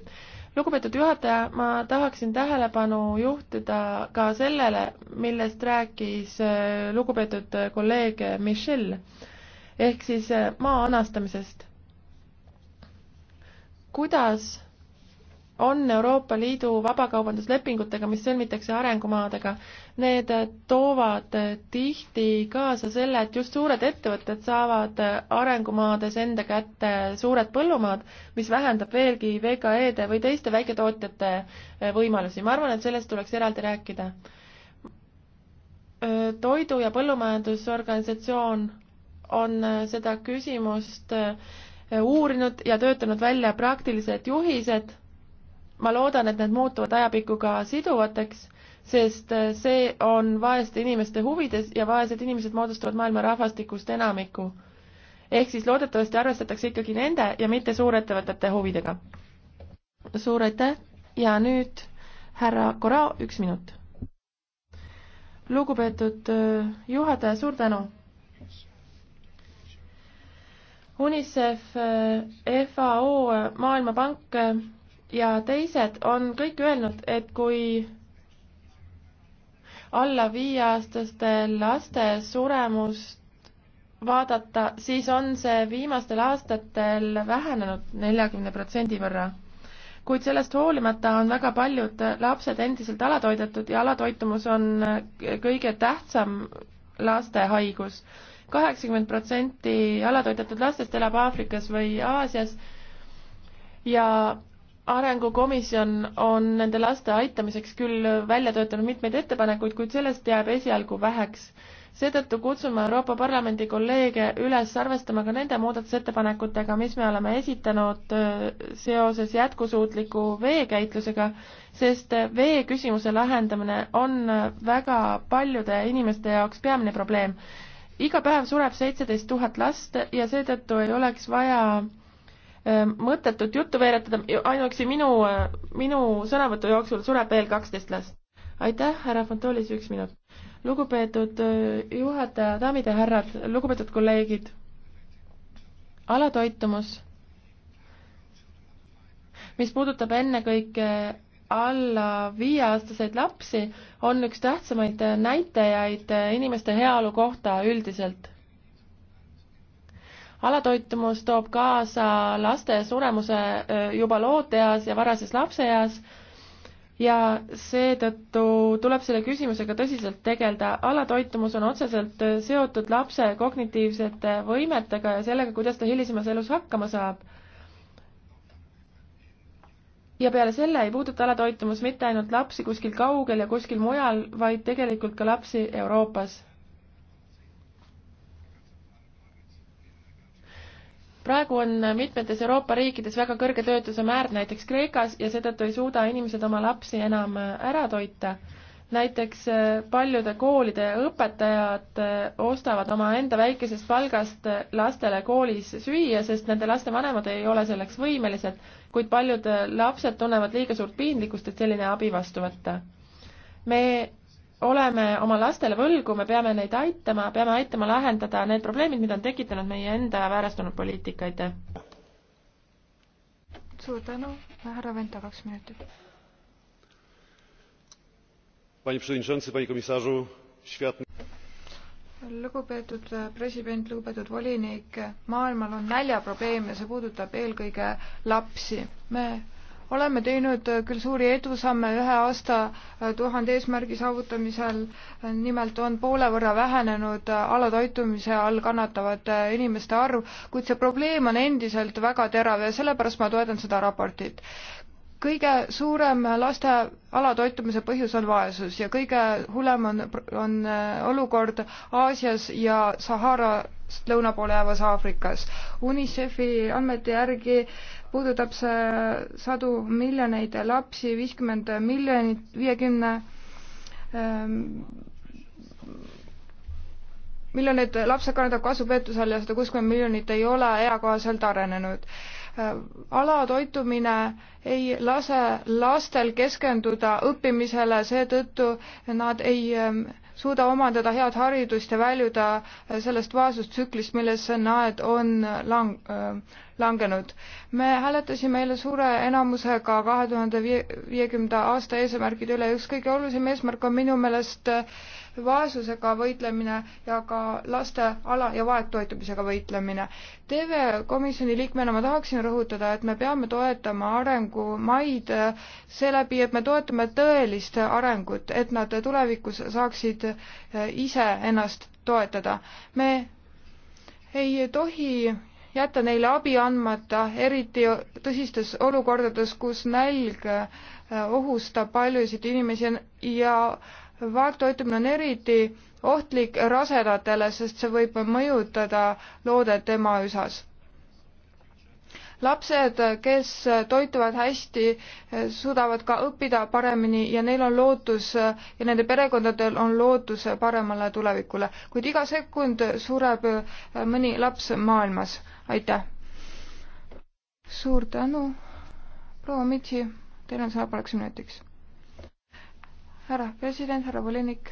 lugupeetud juhataja, ma tahaksin tähelepanu juhtida ka sellele, millest rääkis äh, lugupeetud kolleeg Michelle, ehk siis maa anastamisest. kuidas on Euroopa Liidu vabakaubanduslepingutega, mis sõlmitakse arengumaadega, need toovad tihti kaasa selle, et just suured ettevõtted saavad arengumaades enda kätte suured põllumaad, mis vähendab veelgi VKE-de või teiste väiketootjate võimalusi. ma arvan, et sellest tuleks eraldi rääkida. toidu- ja põllumajandusorganisatsioon on seda küsimust uurinud ja töötanud välja praktilised juhised ma loodan, et need muutuvad ajapikku ka siduvateks, sest äh, see on vaeste inimeste huvides ja vaesed inimesed moodustavad maailma rahvastikust enamiku. ehk siis loodetavasti arvestatakse ikkagi nende ja mitte suurettevõtete huvidega. suur aitäh ja nüüd härra Korao, üks minut. lugupeetud äh, juhataja, suur tänu UNICEF, äh, FAO, Maailmapank ja teised on kõik öelnud, et kui alla viieaastaste laste suremust vaadata, siis on see viimastel aastatel vähenenud neljakümne protsendi võrra. kuid sellest hoolimata on väga paljud lapsed endiselt alatoidetud ja alatoitumus on kõige tähtsam laste haigus. kaheksakümmend protsenti alatoidetud lastest elab Aafrikas või Aasias ja arengukomisjon on nende laste aitamiseks küll välja töötanud mitmeid ettepanekuid, kuid sellest jääb esialgu väheks. seetõttu kutsume Euroopa Parlamendi kolleege üles arvestama ka nende muudatusettepanekutega, mis me oleme esitanud äh, seoses jätkusuutliku veekäitlusega, sest vee küsimuse lahendamine on väga paljude inimeste jaoks peamine probleem. iga päev sureb seitseteist tuhat last ja seetõttu ei oleks vaja mõttetut juttu veeretada, ainuüksi minu, minu sõnavõtu jooksul sureb veel kaksteist last. aitäh, härra Fontoolis, üks minut. lugupeetud juhataja, daamid ja härrad, lugupeetud kolleegid, alatoitumus, mis puudutab ennekõike alla viieaastaseid lapsi, on üks tähtsamaid näitajaid äh, inimeste heaolu kohta üldiselt alatoitumus toob kaasa laste suremuse juba looteas ja varases lapseeas ja seetõttu tuleb selle küsimusega tõsiselt tegeleda. alatoitumus on otseselt seotud lapse kognitiivsete võimetega ja sellega, kuidas ta hilisemas elus hakkama saab. ja peale selle ei puuduta alatoitumus mitte ainult lapsi kuskil kaugel ja kuskil mujal, vaid tegelikult ka lapsi Euroopas praegu on mitmetes Euroopa riikides väga kõrge töötuse määr, näiteks Kreekas, ja seetõttu ei suuda inimesed oma lapsi enam äh, ära toita. näiteks äh, paljude koolide õpetajad äh, ostavad omaenda väikesest palgast lastele koolis süüa, sest nende laste vanemad ei ole selleks võimelised, kuid paljud lapsed tunnevad liiga suurt piinlikkust, et selline abi vastu võtta. me oleme oma lastele võlgu, me peame neid aitama, peame aitama lahendada need probleemid, mida on tekitanud meie enda väärastunud poliitika, aitäh! suur tänu, härra Venta, kaks minutit. Panie przewodniczący, panie komisarzu, świat lugupeetud president, lugupeetud volinik, maailmal on näljaprobleem ja see puudutab eelkõige lapsi. me oleme teinud äh, küll suuri edusamme ühe aasta äh, tuhande eesmärgi saavutamisel, nimelt on poole võrra vähenenud äh, alatoitumise all kannatavate inimeste arv, kuid see probleem on endiselt väga terav ja sellepärast ma toetan seda raportit kõige suurem laste alatoitumise põhjus on vaesus ja kõige hullem on, on äh, olukord Aasias ja Saharast lõuna poole jäävas Aafrikas. UNICEF-i andmete järgi puudutab see sadu miljoneid lapsi, viiskümmend miljonit, viiekümne ähm, miljonid lapsed kannatab kasvupeetusel ja sada kuuskümmend miljonit ei ole eakohaselt arenenud alatoitumine ei lase lastel keskenduda õppimisele, seetõttu nad ei ähm, suuda omandada head haridust ja väljuda äh, sellest vaesustsüklist, millesse nad on lang-, ähm, langenud. me hääletasime eile suure enamusega kahe tuhande viiekümnenda aasta eesmärgid üle, üks kõige olulisem eesmärk on minu meelest äh, vaesusega võitlemine ja ka laste ala- ja vaegtoitumisega võitlemine. TV-komisjoni liikmena ma tahaksin rõhutada, et me peame toetama arengumaid seeläbi, et me toetame tõelist arengut, et nad tulevikus saaksid eh, ise ennast toetada. me ei tohi jätta neile abi andmata, eriti tõsistes olukordades, kus nälg eh, ohustab paljusid inimesi ja vaagtoitumine on eriti ohtlik rasedatele, sest see võib mõjutada loodet ema üsas. lapsed, kes toituvad hästi, suudavad ka õppida paremini ja neil on lootus ja nende perekondadel on lootus paremale tulevikule, kuid iga sekund sureb mõni laps maailmas. aitäh! suur tänu, proua Mitsi, teil on sõna kaheksa minutiks härra president, härra volinik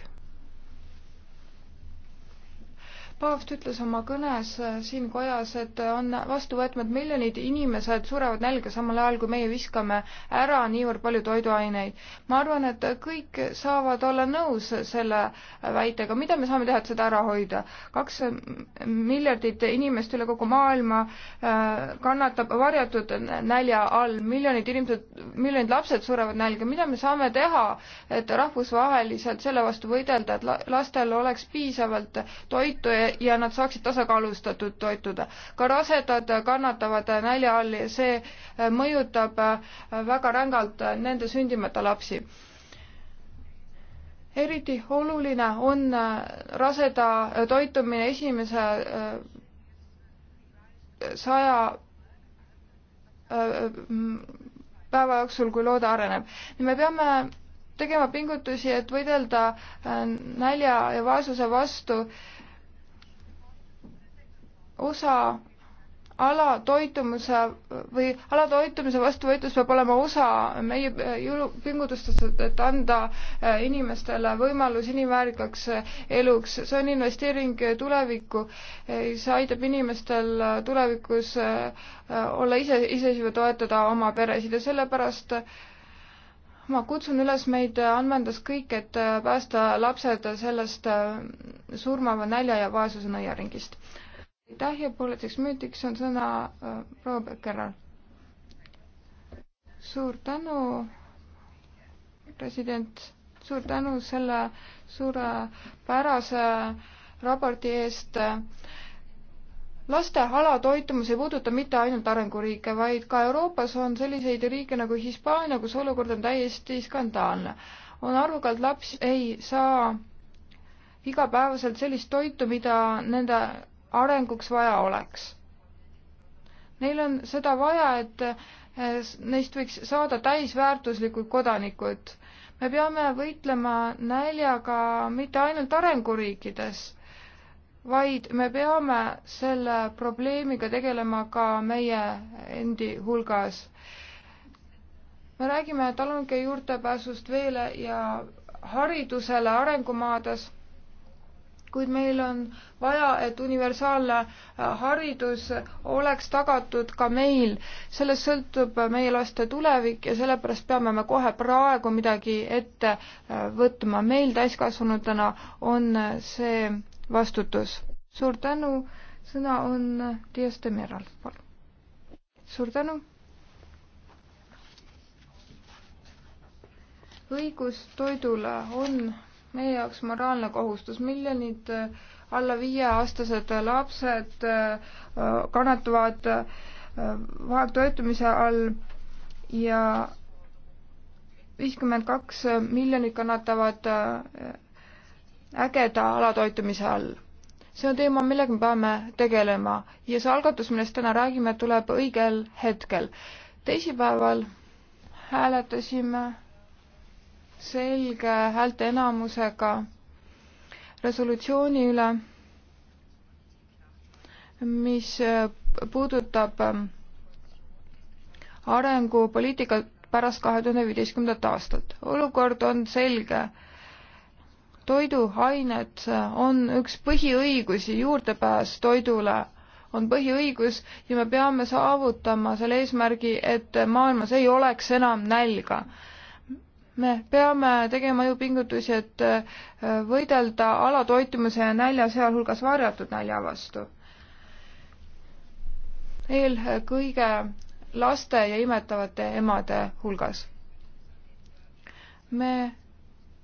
paavst ütles oma kõnes äh, siin kojas, et on vastu võtnud miljonid inimesed surevad nälga, samal ajal kui meie viskame ära niivõrd palju toiduaineid. ma arvan, et kõik saavad olla nõus selle väitega, mida me saame teha, et seda ära hoida. kaks miljardit inimest üle kogu maailma äh, kannatab varjatud nälja all, miljonid inimesed, miljonid lapsed surevad nälga, mida me saame teha, et rahvusvaheliselt selle vastu võidelda, et lastel oleks piisavalt toitu ja ja nad saaksid tasakaalustatud toituda. ka rasedad kannatavad nälja all ja see äh, mõjutab äh, väga rängalt nende sündimata lapsi. eriti oluline on äh, raseda toitumine esimese saja päeva jooksul, kui loode areneb. me peame tegema pingutusi, et võidelda nälja ja vaesuse vastu osa alatoitumuse või alatoitumise vastu võitlus peab olema osa meie pingutustest, et anda äh, inimestele võimalus inimväärikaks äh, eluks. see on investeering äh, tulevikku, see aitab inimestel tulevikus olla ise, iseseisvad, toetada oma peresid ja sellepärast ma kutsun üles meid andmendas kõik, et päästa lapsed sellest surmava nälja ja vaesuse nõiaringist aitäh ja pooleteiseks minutiks on sõna äh, proua Pekeral. suur tänu, president, suur tänu selle suurepärase raporti eest laste halatoitumus ei puuduta mitte ainult arenguriike, vaid ka Euroopas on selliseid riike nagu Hispaania, kus olukord on täiesti skandaalne. on arvukalt lapsi, ei saa igapäevaselt sellist toitu, mida nende arenguks vaja oleks. Neil on seda vaja, et eh, neist võiks saada täisväärtuslikud kodanikud. me peame võitlema näljaga mitte ainult arenguriikides, vaid me peame selle probleemiga tegelema ka meie endi hulgas. me räägime talunike juurdepääsust veele ja haridusele arengumaades kuid meil on vaja, et universaalne äh, haridus oleks tagatud ka meil. sellest sõltub äh, meie laste tulevik ja sellepärast peame me kohe praegu midagi ette äh, võtma. meil täiskasvanutena on see vastutus. suur tänu, sõna on Dias Demiral, palun. suur tänu. õigus toidule on meie jaoks moraalne kohustus. miljonid äh, alla viieaastased äh, lapsed äh, kannatavad vaegtoitumise all ja viiskümmend kaks miljonit kannatavad ägeda alatoitumise all. see on teema, millega me peame tegelema ja see algatus, millest täna räägime, tuleb õigel hetkel. teisipäeval hääletasime selge häälteenamusega resolutsiooni üle, mis puudutab ähm, arengupoliitikat pärast kahe tuhande viieteistkümnendat aastat. olukord on selge. toiduained on üks põhiõigusi, juurdepääs toidule on põhiõigus ja me peame saavutama selle eesmärgi, et maailmas ei oleks enam nälga me peame tegema ju pingutusi, et äh, võidelda alatoitumise ja nälja, sealhulgas varjatud nälja vastu. eelkõige äh, laste ja imetavate emade hulgas. me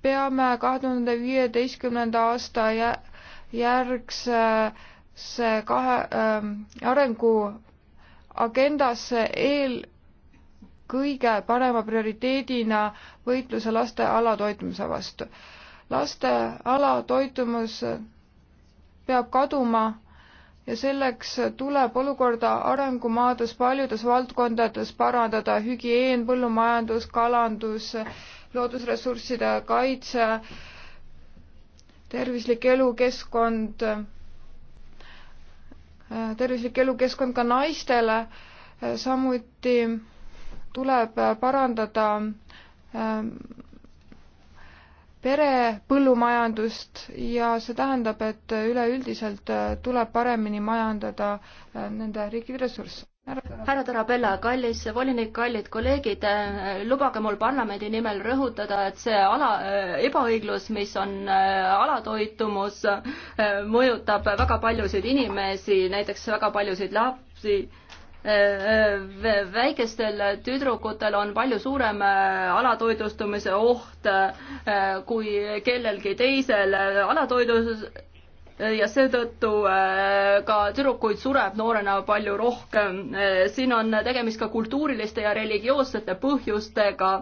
peame kahe tuhande viieteistkümnenda aasta järgse äh, see kahe ähm, arenguagendasse eel kõige parema prioriteedina võitluse laste alatoitumise vastu. laste alatoitumus peab kaduma ja selleks tuleb olukorda arengumaades paljudes valdkondades parandada hügieen, põllumajandus, kalandus, loodusressursside kaitse, tervislik elukeskkond, tervislik elukeskkond ka naistele, samuti tuleb parandada ähm, perepõllumajandust ja see tähendab, et üleüldiselt äh, tuleb paremini majandada äh, nende riikide ressursse. härra Tarabella, kallis volinik, kallid kolleegid, äh, lubage mul parlamendi nimel rõhutada, et see ala, ebaõiglus, mis on alatoitumus, mõjutab väga paljusid inimesi, näiteks väga paljusid lapsi Äh, äh, väikestel tüdrukutel on palju suurem äh, alatoitlustumise oht kui kellelgi teisel alatoidlus ja seetõttu ka tüdrukuid sureb noorena palju rohkem. siin on tegemist ka kultuuriliste ja religioossete põhjustega,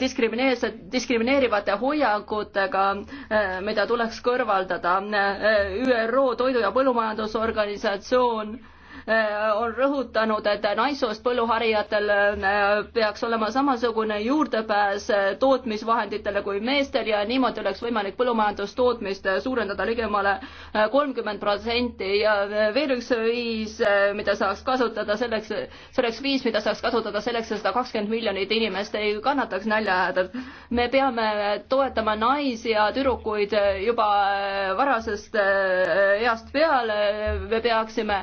diskrimineerimise, diskrimineerivate hoiakutega, mida tuleks kõrvaldada. ÜRO Toidu- ja Põllumajandusorganisatsioon Äh, on rõhutanud, et naissoost põlluharijatel äh, peaks olema samasugune juurdepääs äh, tootmisvahenditele kui meestel ja niimoodi oleks võimalik põllumajandustootmist suurendada ligemale kolmkümmend protsenti ja veel üks viis, mida saaks kasutada selleks, see oleks viis, mida saaks kasutada selleks, et sada kakskümmend miljonit inimest ei kannataks nälja hädalt. me peame toetama naisi ja tüdrukuid juba varasest east peale, me peaksime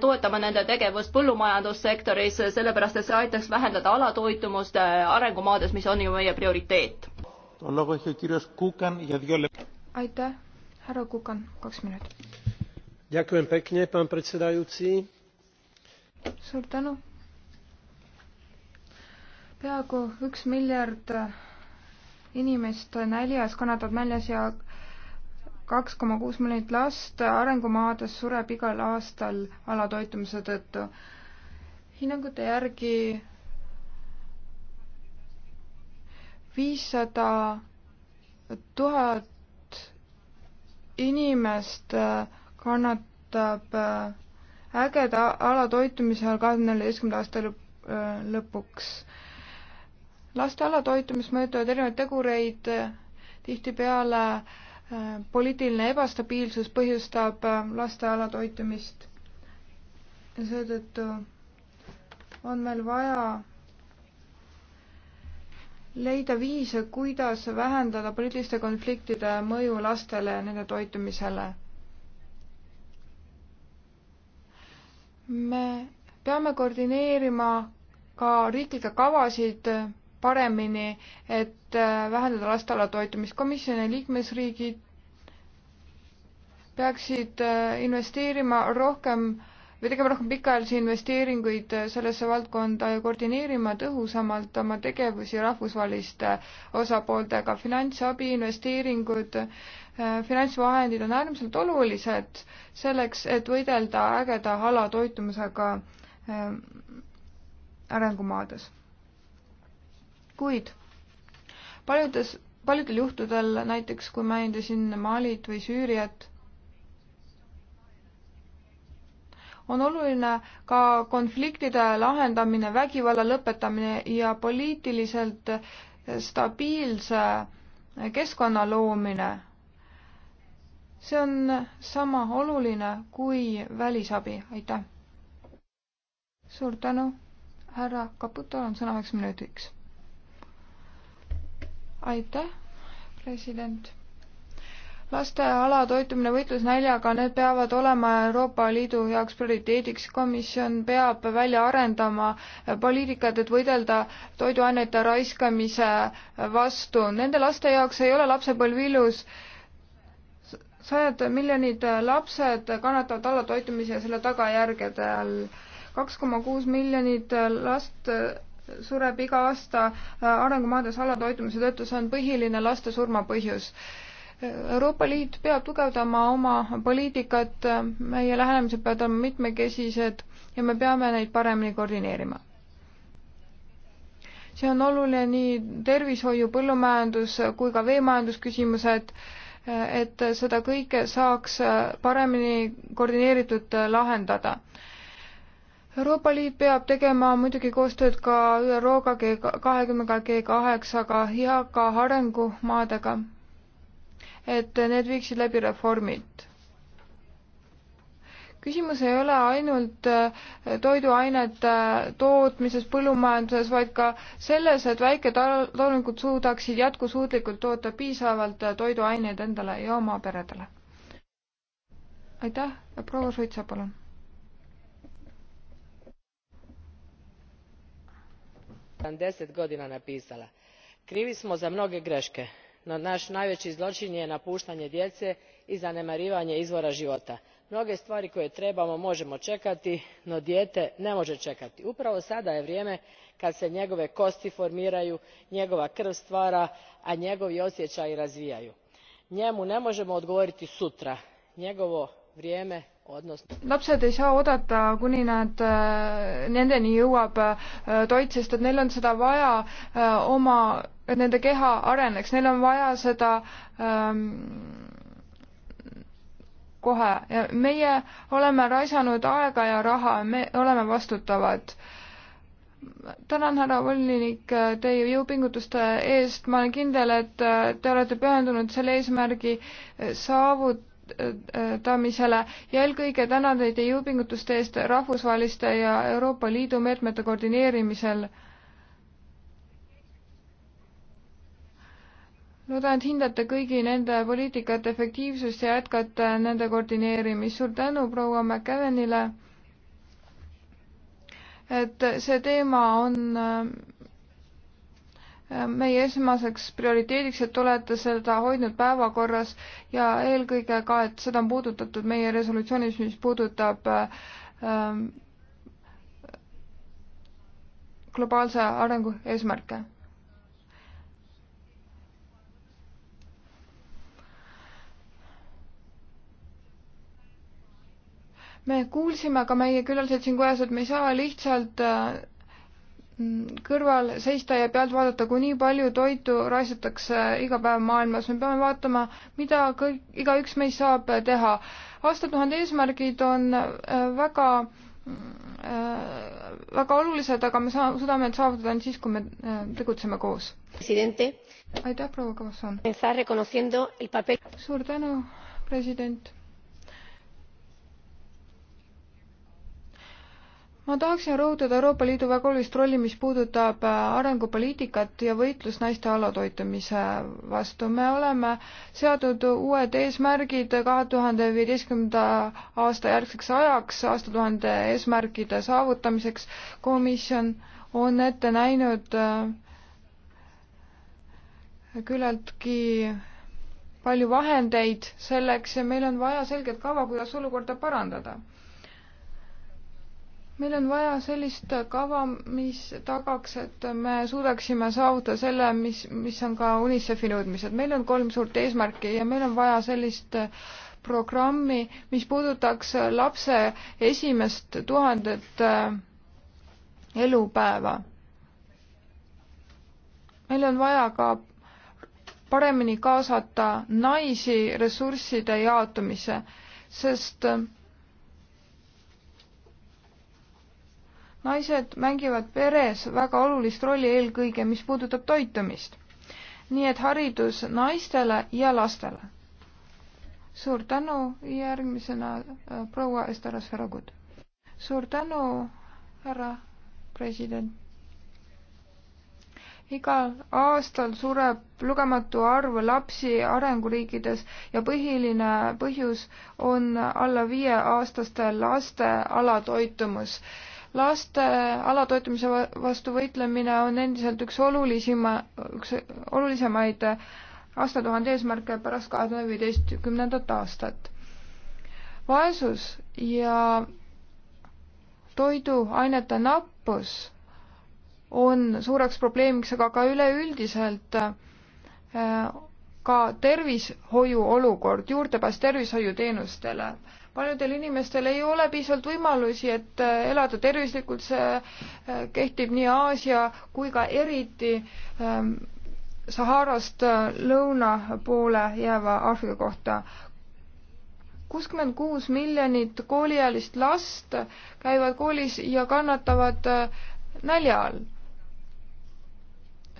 toetama toetama nende tegevust põllumajandussektoris, sellepärast et see aitaks vähendada alatoitumust äh, arengumaades, mis on ju meie prioriteet. aitäh, härra Kukan, kaks minutit. suur tänu. peaaegu üks miljard äh, inimest näljas, kannatab näljas ja kaks koma kuus miljonit last arengumaades sureb igal aastal alatoitumise tõttu. hinnangute järgi viissada tuhat inimest kannatab ägeda alatoitumise all kahe tuhande neljateistkümnenda aasta lõpuks. laste alatoitumist mõjutavad erinevaid tegureid, tihtipeale äh, poliitiline ebastabiilsus põhjustab äh, laste alatoitumist ja seetõttu on meil vaja leida viise, kuidas vähendada poliitiliste konfliktide mõju lastele ja nende toitumisele. me peame koordineerima ka riiklikke kavasid paremini, et äh, vähendada laste alatoitumist. komisjoni liikmesriigid peaksid äh, investeerima rohkem või tegema rohkem pikaajalisi investeeringuid äh, sellesse valdkonda ja koordineerima tõhusamalt oma tegevusi rahvusvaheliste äh, osapooltega. finantsabi, investeeringud, finantsvahendid on äärmiselt olulised selleks, et võidelda ägeda halatoitumisega arengumaades. kuid paljudes, paljudel juhtudel, näiteks kui mainisin Malit või Süüriat on oluline ka konfliktide lahendamine, vägivalla lõpetamine ja poliitiliselt stabiilse keskkonna loomine. see on sama oluline kui välisabi, aitäh. suur tänu, härra Kaputo on sõna üheks minutiks. aitäh, president laste alatoitumine, võitlus näljaga, need peavad olema Euroopa Liidu heaks prioriteediks. komisjon peab välja arendama poliitikat, et võidelda toiduainete raiskamise vastu. Nende laste jaoks ei ole lapsepõlv ilus. sajad miljonid lapsed kannatavad alatoitumise ja selle tagajärgede all. kaks koma kuus miljonit last sureb iga aasta arengumaades alatoitumise tõttu, see on põhiline laste surma põhjus Euroopa Liit peab tugevdama oma poliitikat, meie lähenemised peavad olema mitmekesised ja me peame neid paremini koordineerima. see on oluline nii tervishoiu, põllumajandus kui ka veemajandusküsimused, et seda kõike saaks paremini koordineeritud lahendada Euroopa Liit peab tegema muidugi koostööd ka ÜRO-ga, G20-ga, G8-ga ja ka arengumaadega et need viiksid läbi reformid. küsimus ei ole ainult äh, toiduainete äh, tootmises, põllumajanduses, vaid ka selles, et väiketalunikud suudaksid jätkusuutlikult toota piisavalt äh, toiduaineid endale ja oma peredele. aitäh, proua Suitsa, palun seventy godina napisala krivi smo za mnoge greke no na najvei zloin je naputanje djece i zanemarivanje izvora ivota. mnoge stvari koje trebamo moemo ekati no dijete ne moe ekati. upravo sada je vrijeme kad se njegove kosti formiraju njegova krv stvara a njegovi osjeaji razvijaju. njemu ne moemo odgovoriti sutra njegovo vrijeme lapsed ei saa oodata, kuni nad, äh, nendeni jõuab äh, toit, sest et neil on seda vaja äh, oma, et nende keha areneks, neil on vaja seda ähm, kohe ja meie oleme raisanud aega ja raha, me oleme vastutavad tänan, härra volinik, teie jõupingutuste eest, ma olen kindel, et te olete pühendunud selle eesmärgi saavut-, toetamisele ja eelkõige tänan teid teie jõupingutuste eest rahvusvaheliste ja Euroopa Liidu meetmete koordineerimisel. loodan, et hindate kõigi nende poliitikate efektiivsust ja jätkate nende koordineerimist. suur tänu proua McEvenile, et see teema on meie esmaseks prioriteediks, et olete seda hoidnud päevakorras ja eelkõige ka, et seda on puudutatud meie resolutsioonis, mis puudutab ähm, globaalse arengu eesmärke. me kuulsime ka meie külalised siin kojas, et me ei saa lihtsalt äh, kõrval seista ja pealt vaadata, kui nii palju toitu raisatakse iga päev maailmas, me peame vaatama, mida kõik, igaüks meist saab teha. aastatuhande eesmärgid on äh, väga äh, väga olulised, aga me saa-, suudame need saavutada ainult siis, kui me äh, tegutseme koos. aitäh, proua Kavason. suur tänu, president ma tahaksin rõhutada Euroopa Liidu väga olulist rolli, mis puudutab äh, arengupoliitikat ja võitlust naiste alatoitumise vastu. me oleme seadnud uued eesmärgid kahe tuhande viieteistkümnenda aasta järgseks ajaks, aastatuhande eesmärkide saavutamiseks. komisjon on ette näinud äh, küllaltki palju vahendeid selleks ja meil on vaja selget kava, kuidas olukorda parandada meil on vaja sellist kava, mis tagaks, et me suudaksime saavutada selle, mis, mis on ka UNICEF-i nõudmised. meil on kolm suurt eesmärki ja meil on vaja sellist programmi, mis puudutaks lapse esimest tuhandet äh, elupäeva. meil on vaja ka paremini kaasata naisi ressursside jaotumisse, sest äh, naised mängivad peres väga olulist rolli eelkõige, mis puudutab toitumist. nii et haridus naistele ja lastele. suur tänu, järgmisena äh, proua Ester Asferagut. suur tänu, härra president igal aastal sureb lugematu arv lapsi arenguriikides ja põhiline põhjus on alla viieaastaste laste alatoitumus laste alatoitumise vastu võitlemine on endiselt üks olulisima, üks olulisemaid aastatuhande eesmärke pärast kahe tuhande viieteistkümnendat aastat. vaesus ja toiduainete nappus on suureks probleemiks, aga ka üleüldiselt äh, ka tervishoiu olukord, juurdepääs tervishoiuteenustele paljudel inimestel ei ole piisavalt võimalusi, et äh, elada tervislikult, see äh, kehtib nii Aasia kui ka eriti ähm, Saharast äh, lõuna poole jääva Aafrika kohta. kuuskümmend kuus miljonit kooliealist last käivad koolis ja kannatavad nälja all.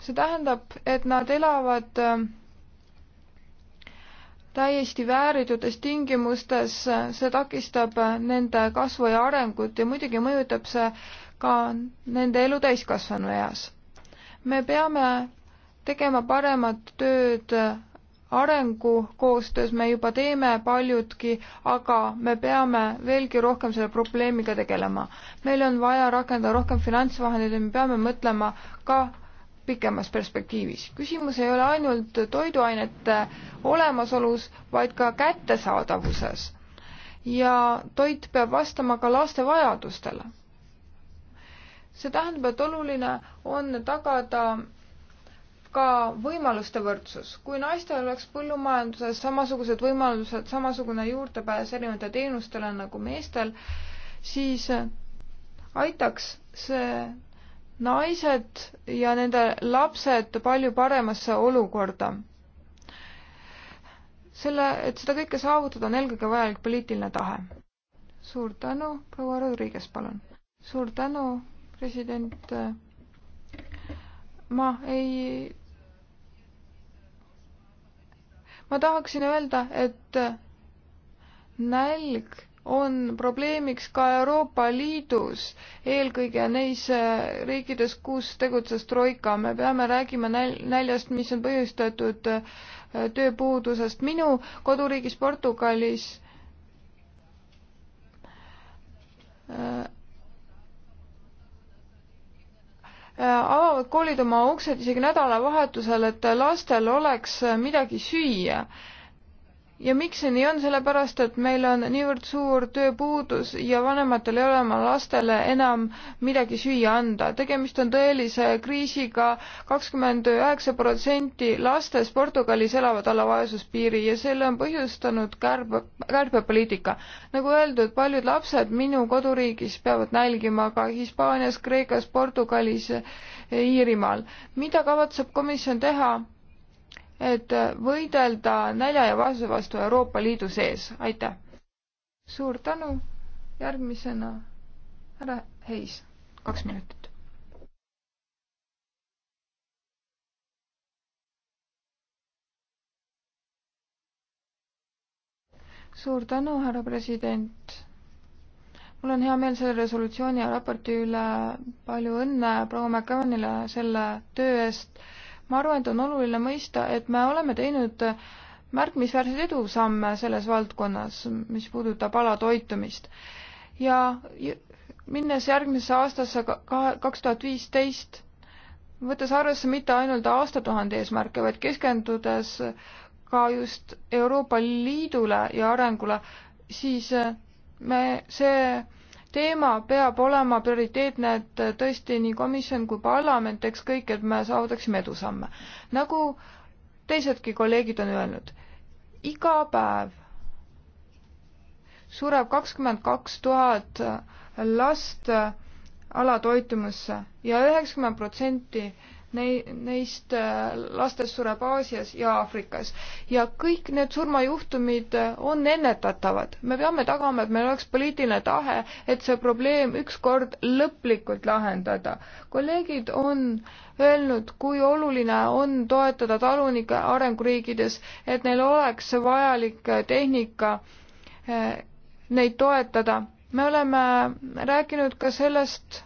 see tähendab, et nad elavad äh, täiesti vääritutes tingimustes, see takistab nende kasvu ja arengut ja muidugi mõjutab see ka nende elu täiskasvanu eas. me peame tegema paremat tööd arengukoostöös, me juba teeme paljutki, aga me peame veelgi rohkem selle probleemiga tegelema. meil on vaja rakendada rohkem finantsvahendeid ja me peame mõtlema ka pikemas perspektiivis. küsimus ei ole ainult toiduainete olemasolus, vaid ka kättesaadavuses. ja toit peab vastama ka laste vajadustele. see tähendab, et oluline on tagada ka võimaluste võrdsus. kui naistel oleks põllumajanduses samasugused võimalused, samasugune juurdepääs erinevatele teenustele nagu meestel, siis aitaks see naised ja nende lapsed palju paremasse olukorda. selle, et seda kõike saavutada, on eelkõige vajalik poliitiline tahe. suur tänu, proua Rodriguez, palun. suur tänu, president. ma ei ma tahaksin öelda, et nälg on probleemiks ka Euroopa Liidus, eelkõige neis äh, riikides, kus tegutses Troika. me peame räägima näljast, mis on põhjustatud äh, tööpuudusest. minu koduriigis Portugalis äh, avavad koolid oma uksed isegi nädalavahetusel, et lastel oleks midagi süüa ja miks see nii on, sellepärast et meil on niivõrd suur tööpuudus ja vanematel ei ole oma lastele enam midagi süüa anda. tegemist on tõelise kriisiga, kakskümmend üheksa protsenti lastest Portugalis elavad alla vaesuspiiri ja selle on põhjustanud kärbe, kärbepoliitika. nagu öeldud, paljud lapsed minu koduriigis peavad nälgima ka Hispaanias, Kreekas, Portugalis, Iirimaal. mida kavatseb komisjon teha? et võidelda nälja ja vaesuse vastu Euroopa Liidu sees. aitäh! suur tänu, järgmisena härra Heis, kaks minutit. suur tänu, härra president. mul on hea meel selle resolutsiooni ja raporti üle. palju õnne proua McCannile selle töö eest ma arvan, et on oluline mõista, et me oleme teinud märkimisväärseid edusamme selles valdkonnas, mis puudutab alatoitumist. ja minnes järgmisse aastasse kaks tuhat viisteist, võttes arvesse mitte ainult aastatuhande eesmärke, vaid keskendudes ka just Euroopa Liidule ja arengule, siis eh, me, see teema peab olema prioriteetne, et tõesti nii komisjon kui parlament teeks kõik, et me saavutaksime edusamme. nagu teisedki kolleegid on öelnud, iga päev sureb kakskümmend kaks tuhat last alatoitumusse ja üheksakümmend protsenti Nei-, neist äh, lastest sureb Aasias ja Aafrikas. ja kõik need surmajuhtumid äh, on ennetatavad. me peame tagama, et meil oleks poliitiline tahe, et see probleem ükskord lõplikult lahendada. kolleegid on öelnud, kui oluline on toetada talunikke arenguriikides, et neil oleks vajalik äh, tehnika neid toetada. me oleme rääkinud ka sellest,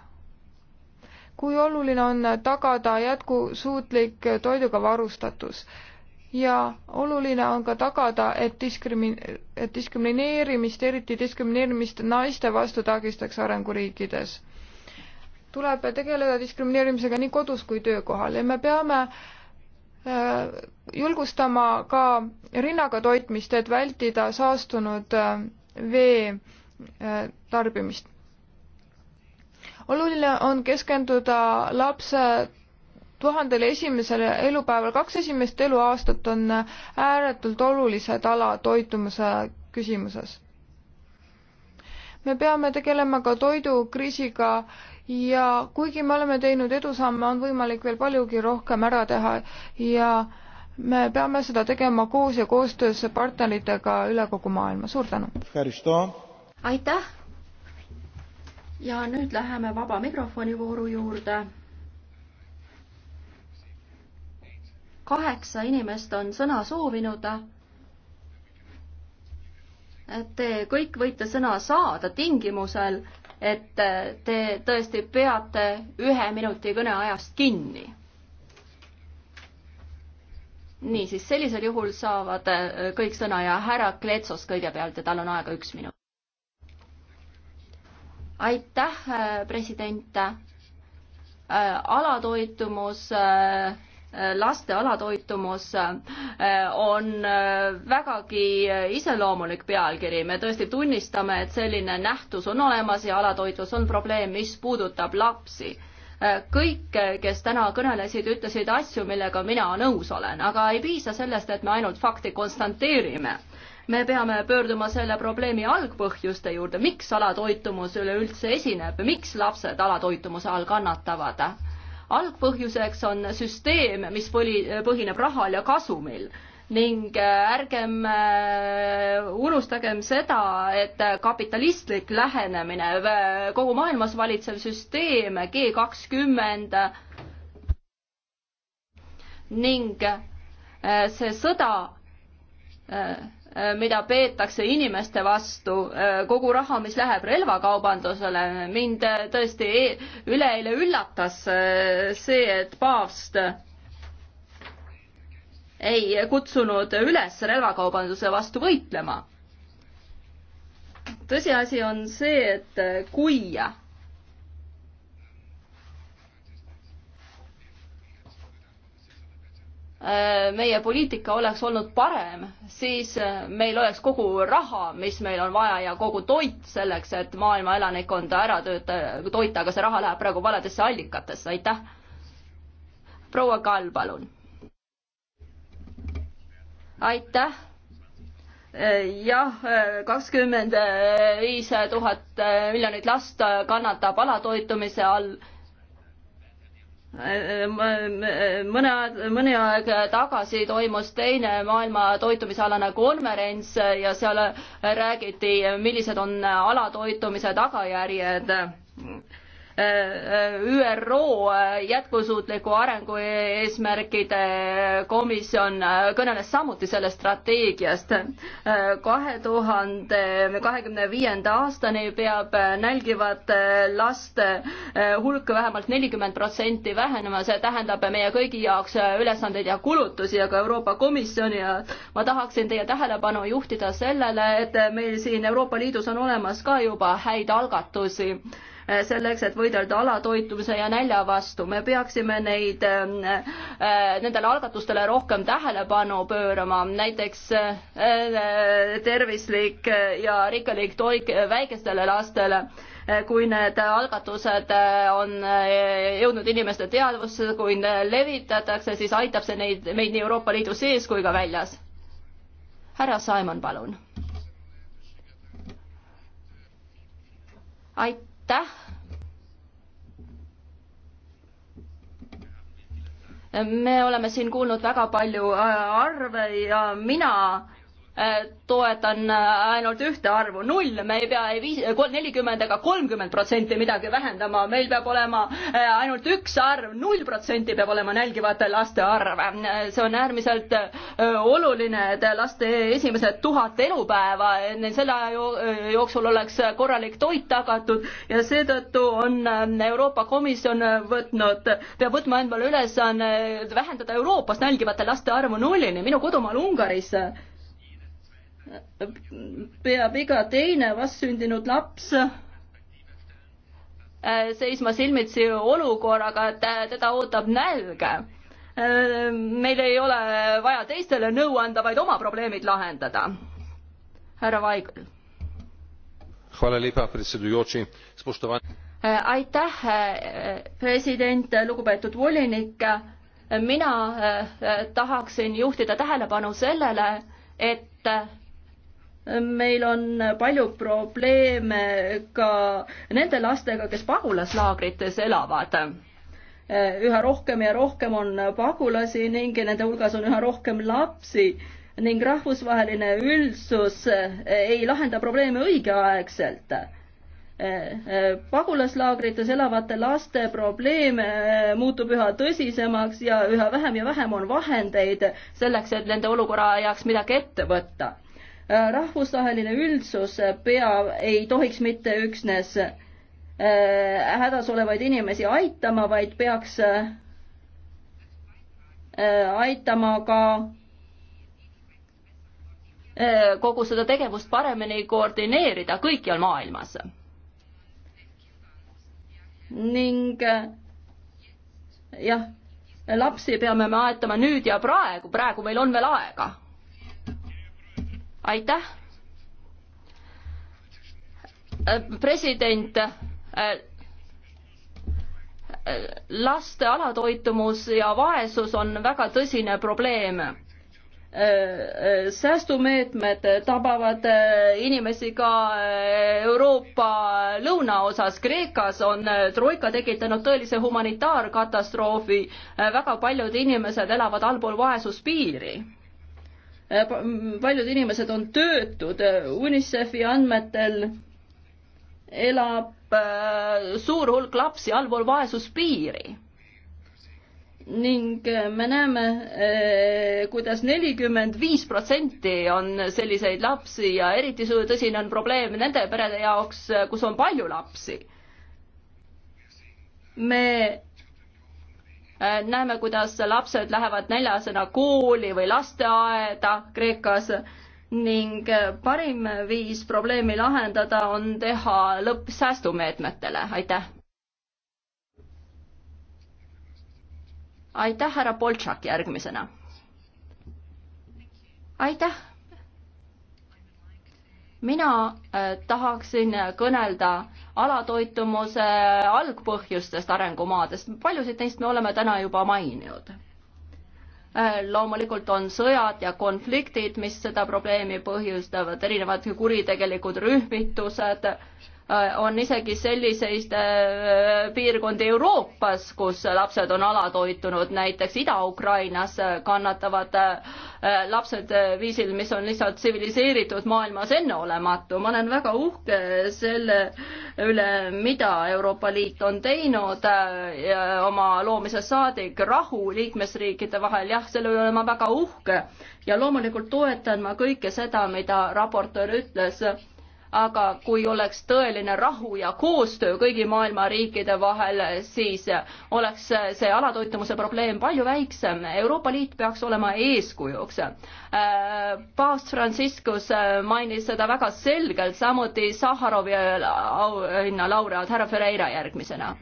kui oluline on tagada jätkusuutlik toiduga varustatus ja oluline on ka tagada, et diskrimi-, et diskrimineerimist, eriti diskrimineerimist naiste vastu takistaks arenguriikides. tuleb tegeleda diskrimineerimisega nii kodus kui töökohal ja me peame äh, julgustama ka rinnaga toitmist, et vältida saastunud äh, vee äh, tarbimist oluline on keskenduda lapse tuhandele esimesele elupäeval, kaks esimest eluaastat on ääretult olulised ala toitumuse küsimuses. me peame tegelema ka toidukriisiga ja kuigi me oleme teinud edusamme, on võimalik veel paljugi rohkem ära teha ja me peame seda tegema koos ja koostöös partneritega üle kogu maailma. suur tänu! aitäh! ja nüüd läheme vaba mikrofoni vooru juurde. kaheksa inimest on sõna soovinud. Te kõik võite sõna saada tingimusel, et te tõesti peate ühe minuti kõneajast kinni niisiis, sellisel juhul saavad kõik sõna ja härra Kletsos kõigepealt ja tal on aega üks minut aitäh, äh, president. Äh, alatoitumus äh, laste alatoitumus on vägagi iseloomulik pealkiri. me tõesti tunnistame, et selline nähtus on olemas ja alatoitlus on probleem, mis puudutab lapsi. kõik, kes täna kõnelesid, ütlesid asju, millega mina nõus olen, aga ei piisa sellest, et me ainult fakti konstanteerime me peame pöörduma selle probleemi algpõhjuste juurde, miks alatoitumus üleüldse esineb, miks lapsed alatoitumuse all kannatavad. algpõhjuseks on süsteem, mis põli, põhineb rahal ja kasumil ning äh, ärgem äh, unustagem seda, et kapitalistlik lähenemine, kogu maailmas valitsev süsteem, G kakskümmend ning äh, see sõda Äh, mida peetakse inimeste vastu, äh, kogu raha, mis läheb relvakaubandusele. mind äh, tõesti e-, üleeile üllatas see, et paavst ei kutsunud üles relvakaubanduse vastu võitlema. tõsiasi on see, et kui Äh, meie poliitika oleks olnud parem, siis äh, meil oleks kogu raha, mis meil on vaja ja kogu toit selleks, et maailma elanikkonda ära tööta, toita, aga see raha läheb praegu valedesse allikatesse, aitäh. proua Kall, palun. aitäh jah, kakskümmend viis tuhat miljonit last kannatab alatoitumise all mõne, mõni aeg tagasi toimus teine maailma toitumisalane konverents ja seal räägiti, millised on alatoitumise tagajärjed ÜRO jätkusuutliku arengu eesmärkide komisjon kõneles samuti sellest strateegiast. kahe tuhande kahekümne viienda aastani peab nälgivate laste hulk vähemalt nelikümmend protsenti vähenema, see tähendab meie kõigi jaoks ülesandeid ja kulutusi, aga Euroopa Komisjoni ja ma tahaksin teie tähelepanu juhtida sellele, et meil siin Euroopa Liidus on olemas ka juba häid algatusi Äh, selleks, et võidelda alatoitumise ja nälja vastu. me peaksime neid, äh, äh, nendele algatustele rohkem tähelepanu pöörama, näiteks tervislik ja rikkalik toit väikestele lastele kui need algatused on jõudnud inimeste teadvusse, kui levitatakse, siis aitab see neid, meid nii Euroopa Liidu sees kui ka väljas. härra Simon, palun. aitäh aitäh. me oleme siin kuulnud väga palju äh, arve ja mina Äh, toetan äh, ainult ühte arvu, null, me ei pea ei viis, nelikümmend ega kolmkümmend protsenti midagi vähendama, meil peab olema äh, ainult üks arv, null protsenti peab olema nälgivate laste arv. see on äärmiselt oluline, et laste esimesed tuhat elupäeva, neil selle aja jooksul oleks korralik toit tagatud ja seetõttu on Euroopa Komisjon võtnud, peab võtma endale ülesanne vähendada Euroopas nälgivate laste arvu nullini, minu kodumaal Ungaris peab iga teine vastsündinud laps äh, seisma silmitsi olukorraga, et äh, teda ootab nälg. Äh, meil ei ole vaja teistele nõu anda, vaid oma probleemid lahendada. härra Vaigel. aitäh, president, lugupeetud volinik. mina tahaksin juhtida tähelepanu sellele, et meil on palju probleeme ka nende lastega, kes pagulaslaagrites elavad. üha rohkem ja rohkem on pagulasi ning nende hulgas on üha rohkem lapsi ning rahvusvaheline üldsus ei lahenda probleeme õigeaegselt pagulaslaagrites elavate laste probleem muutub üha tõsisemaks ja üha vähem ja vähem on vahendeid selleks, et nende olukorra ajaks midagi ette võtta Äh, rahvusvaheline üldsus äh, peab, ei tohiks mitte üksnes äh, hädas olevaid inimesi aitama, vaid peaks aitama ka kogu seda tegevust paremini koordineerida kõikjal maailmas. ning jah, lapsi peame me aetama nüüd ja praegu, praegu meil on veel aega aitäh. Äh, president, äh, äh, laste alatoitumus ja vaesus on väga tõsine probleem säästumeetmed tabavad inimesi ka Euroopa lõunaosas. Kreekas on troika tekitanud tõelise humanitaarkatastroofi. väga paljud inimesed elavad allpool vaesuspiiri Äh, paljud inimesed on töötud, äh, UNICEF-i andmetel elab äh, suur hulk lapsi allpool vaesuspiiri. ning me näeme kuidas, kuidas nelikümmend viis protsenti on selliseid lapsi ja eriti tõsine on probleem nende perede jaoks, kus on palju lapsi. me Äh, näeme, kuidas lapsed lähevad näljasena kooli või lasteaeda Kreekas ning äh, parim viis probleemi lahendada on teha lõpp säästumeetmetele, aitäh. aitäh, härra Boltšak järgmisena. aitäh mina äh, tahaksin kõnelda alatoitumuse algpõhjustest arengumaadest, paljusid neist me oleme täna juba maininud. Äh, loomulikult on sõjad ja konfliktid, mis seda probleemi põhjustavad, erinevad kuritegelikud rühmitused Äh, on isegi selliseid äh, piirkondi Euroopas, kus lapsed on alatoitunud, näiteks Ida-Ukrainas kannatavad äh, lapsed viisil, mis on lihtsalt tsiviliseeritud maailmas enneolematu. ma olen väga uhke selle üle, mida Euroopa Liit on teinud oma loomise saadik, rahu liikmesriikide vahel, jah, selle üle olen ma väga uhke ja loomulikult toetan ma kõike seda, mida raportöör ütles aga kui oleks tõeline rahu ja koostöö kõigi maailma riikide vahel, siis oleks see alatoitumuse probleem palju väiksem. Euroopa Liit peaks olema eeskujuks. paavst Franciscus mainis seda väga selgelt, samuti Saharovi auhinna laureaat härra Ferreira järgmisena.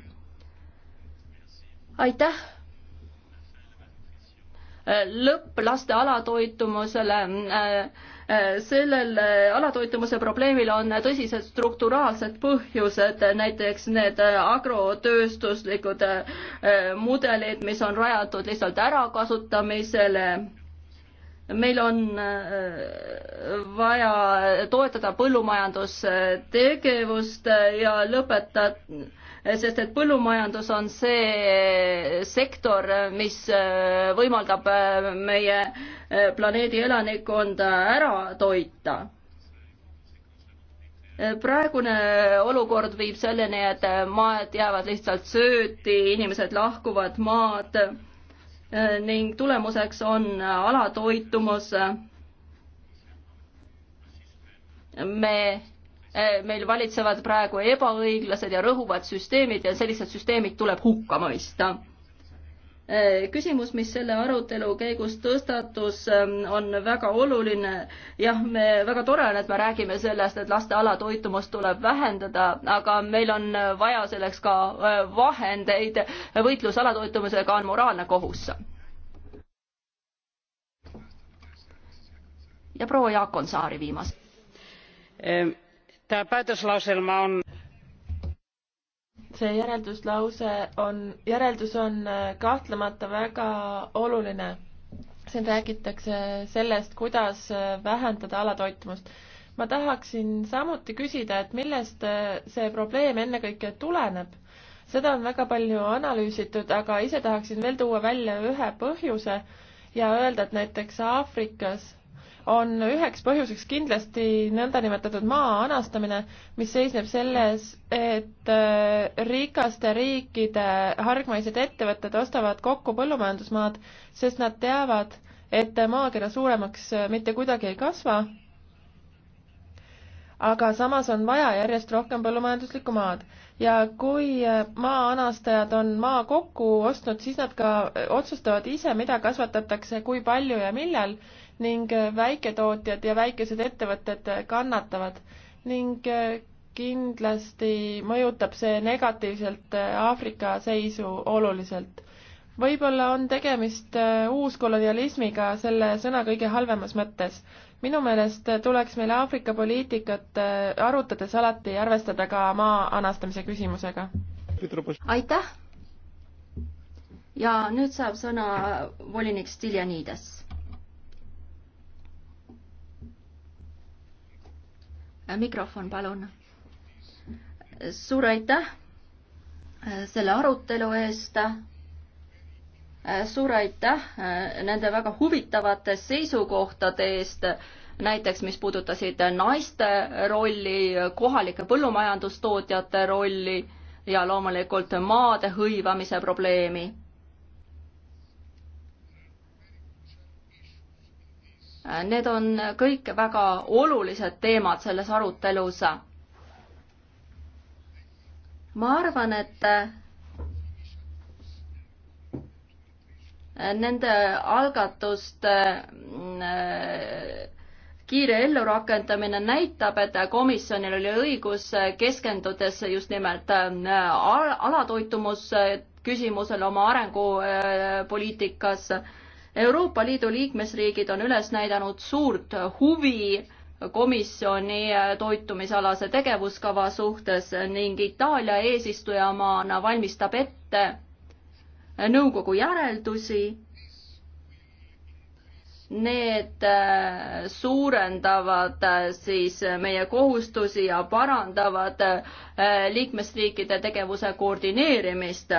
aitäh lõpp laste alatoitumusele äh, sellel eh, alatoitumuse probleemil on tõsised strukturaalsed põhjused, näiteks need eh, agrotööstuslikud eh, mudelid, mis on rajatud lihtsalt ärakasutamisele. meil on vaja toetada põllumajandustegevust ja lõpetada sest et põllumajandus on see sektor, mis äh, võimaldab äh, meie äh, planeedi elanikkonda ära toita praegune olukord viib selleni, et maad jäävad lihtsalt sööti, inimesed lahkuvad maad ning tulemuseks on alatoitumus. me Eh, meil valitsevad praegu ebaõiglased ja rõhuvad süsteemid ja sellised süsteemid tuleb hukka mõista eh, küsimus, mis selle arutelu käigus tõstatus, eh, on väga oluline. jah, me, väga tore on, et me räägime sellest, et laste alatoitumust tuleb vähendada, aga meil on vaja selleks ka vahendeid. võitlus alatoitumisega on moraalne kohus. ja proua Jaak Onsaari viimase ähm tämä päätöslauselma on see järelduslause on, järeldus on äh, kahtlemata väga oluline. siin räägitakse sellest, kuidas äh, vähendada alatoitumust. ma tahaksin samuti küsida, et millest äh, see probleem ennekõike tuleneb? seda on väga palju analüüsitud, aga ise tahaksin veel tuua välja ühe põhjuse ja öelda, et näiteks Aafrikas on üheks põhjuseks kindlasti nõndanimetatud maa anastamine, mis seisneb selles, et äh, rikaste riikide hargmaised ettevõtted ostavad kokku põllumajandusmaad, sest nad teavad, et maakera suuremaks äh, mitte kuidagi ei kasva, aga samas on vaja järjest rohkem põllumajanduslikku maad ja kui äh, maa anastajad on maa kokku ostnud, siis nad ka otsustavad ise, mida kasvatatakse, kui palju ja millal ning äh, väiketootjad ja väikesed ettevõtted äh, kannatavad ning äh, kindlasti mõjutab see negatiivselt Aafrika seisu oluliselt. võib-olla on tegemist uuskolonialismiga selle sõna kõige halvemas mõttes. minu meelest tuleks meil Aafrika poliitikat arutades alati arvestada ka maa anastamise küsimusega. aitäh! ja nüüd saab sõna volinik Stiljanides mikrofon, palun. suur aitäh äh, selle arutelu eest. Äh, suur aitäh äh, nende väga huvitavate seisukohtade eest, näiteks mis puudutasid naiste rolli, kohalike põllumajandustootjate rolli ja loomulikult maade hõivamise probleemi Need on kõik väga olulised teemad selles arutelus. ma arvan, et nende algatuste mm, kiire ellurakendamine näitab, et komisjonil oli õigus keskendudes just nimelt äh, alatoitumus äh, küsimusele oma arengupoliitikas äh, Euroopa Liidu liikmesriigid on üles näidanud suurt huvi komisjoni toitumisalase tegevuskava suhtes ning Itaalia eesistujamaana valmistab ette nõukogu järeldusi need äh, suurendavad äh, siis äh, meie kohustusi ja parandavad liikmesriikide tegevuse koordineerimist.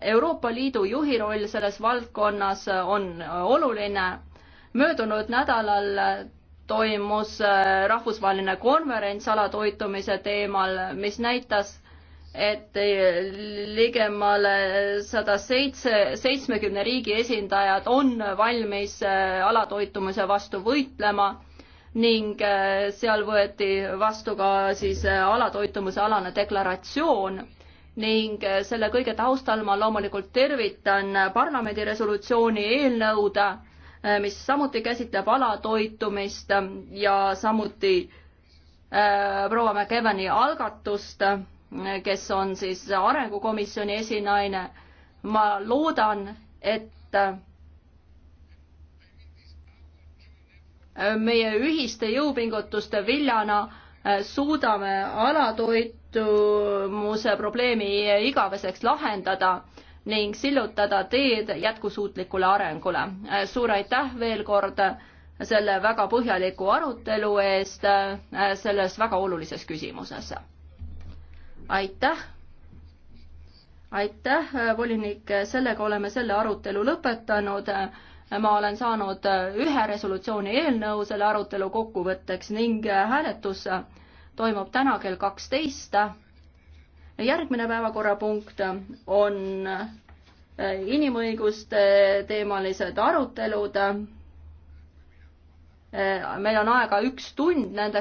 Euroopa Liidu juhi roll selles valdkonnas on oluline. möödunud nädalal toimus rahvusvaheline konverents alatoitumise teemal, mis näitas et ligemale sada seitse, seitsmekümne riigi esindajad on valmis äh, alatoitumise vastu võitlema ning äh, seal võeti vastu ka siis äh, alatoitumise alane deklaratsioon ning selle kõige taustal ma loomulikult tervitan parlamendi resolutsiooni eelnõud, mis samuti käsitleb alatoitumist ja samuti äh, proua McEvani algatust äh, kes on siis arengukomisjoni esinaine. ma loodan, et äh, meie ühiste jõupingutuste viljana äh, suudame alatoitumuse probleemi igaveseks lahendada ning sillutada teed jätkusuutlikule arengule. Äh, suur aitäh veel kord selle väga põhjaliku arutelu eest selles väga olulises küsimuses aitäh! aitäh, volinik, sellega oleme selle arutelu lõpetanud. ma olen saanud ühe resolutsiooni eelnõu selle arutelu kokkuvõtteks ning hääletus toimub täna kell kaksteist. järgmine päevakorrapunkt on inimõiguste teemalised arutelud. meil on aega üks tund nende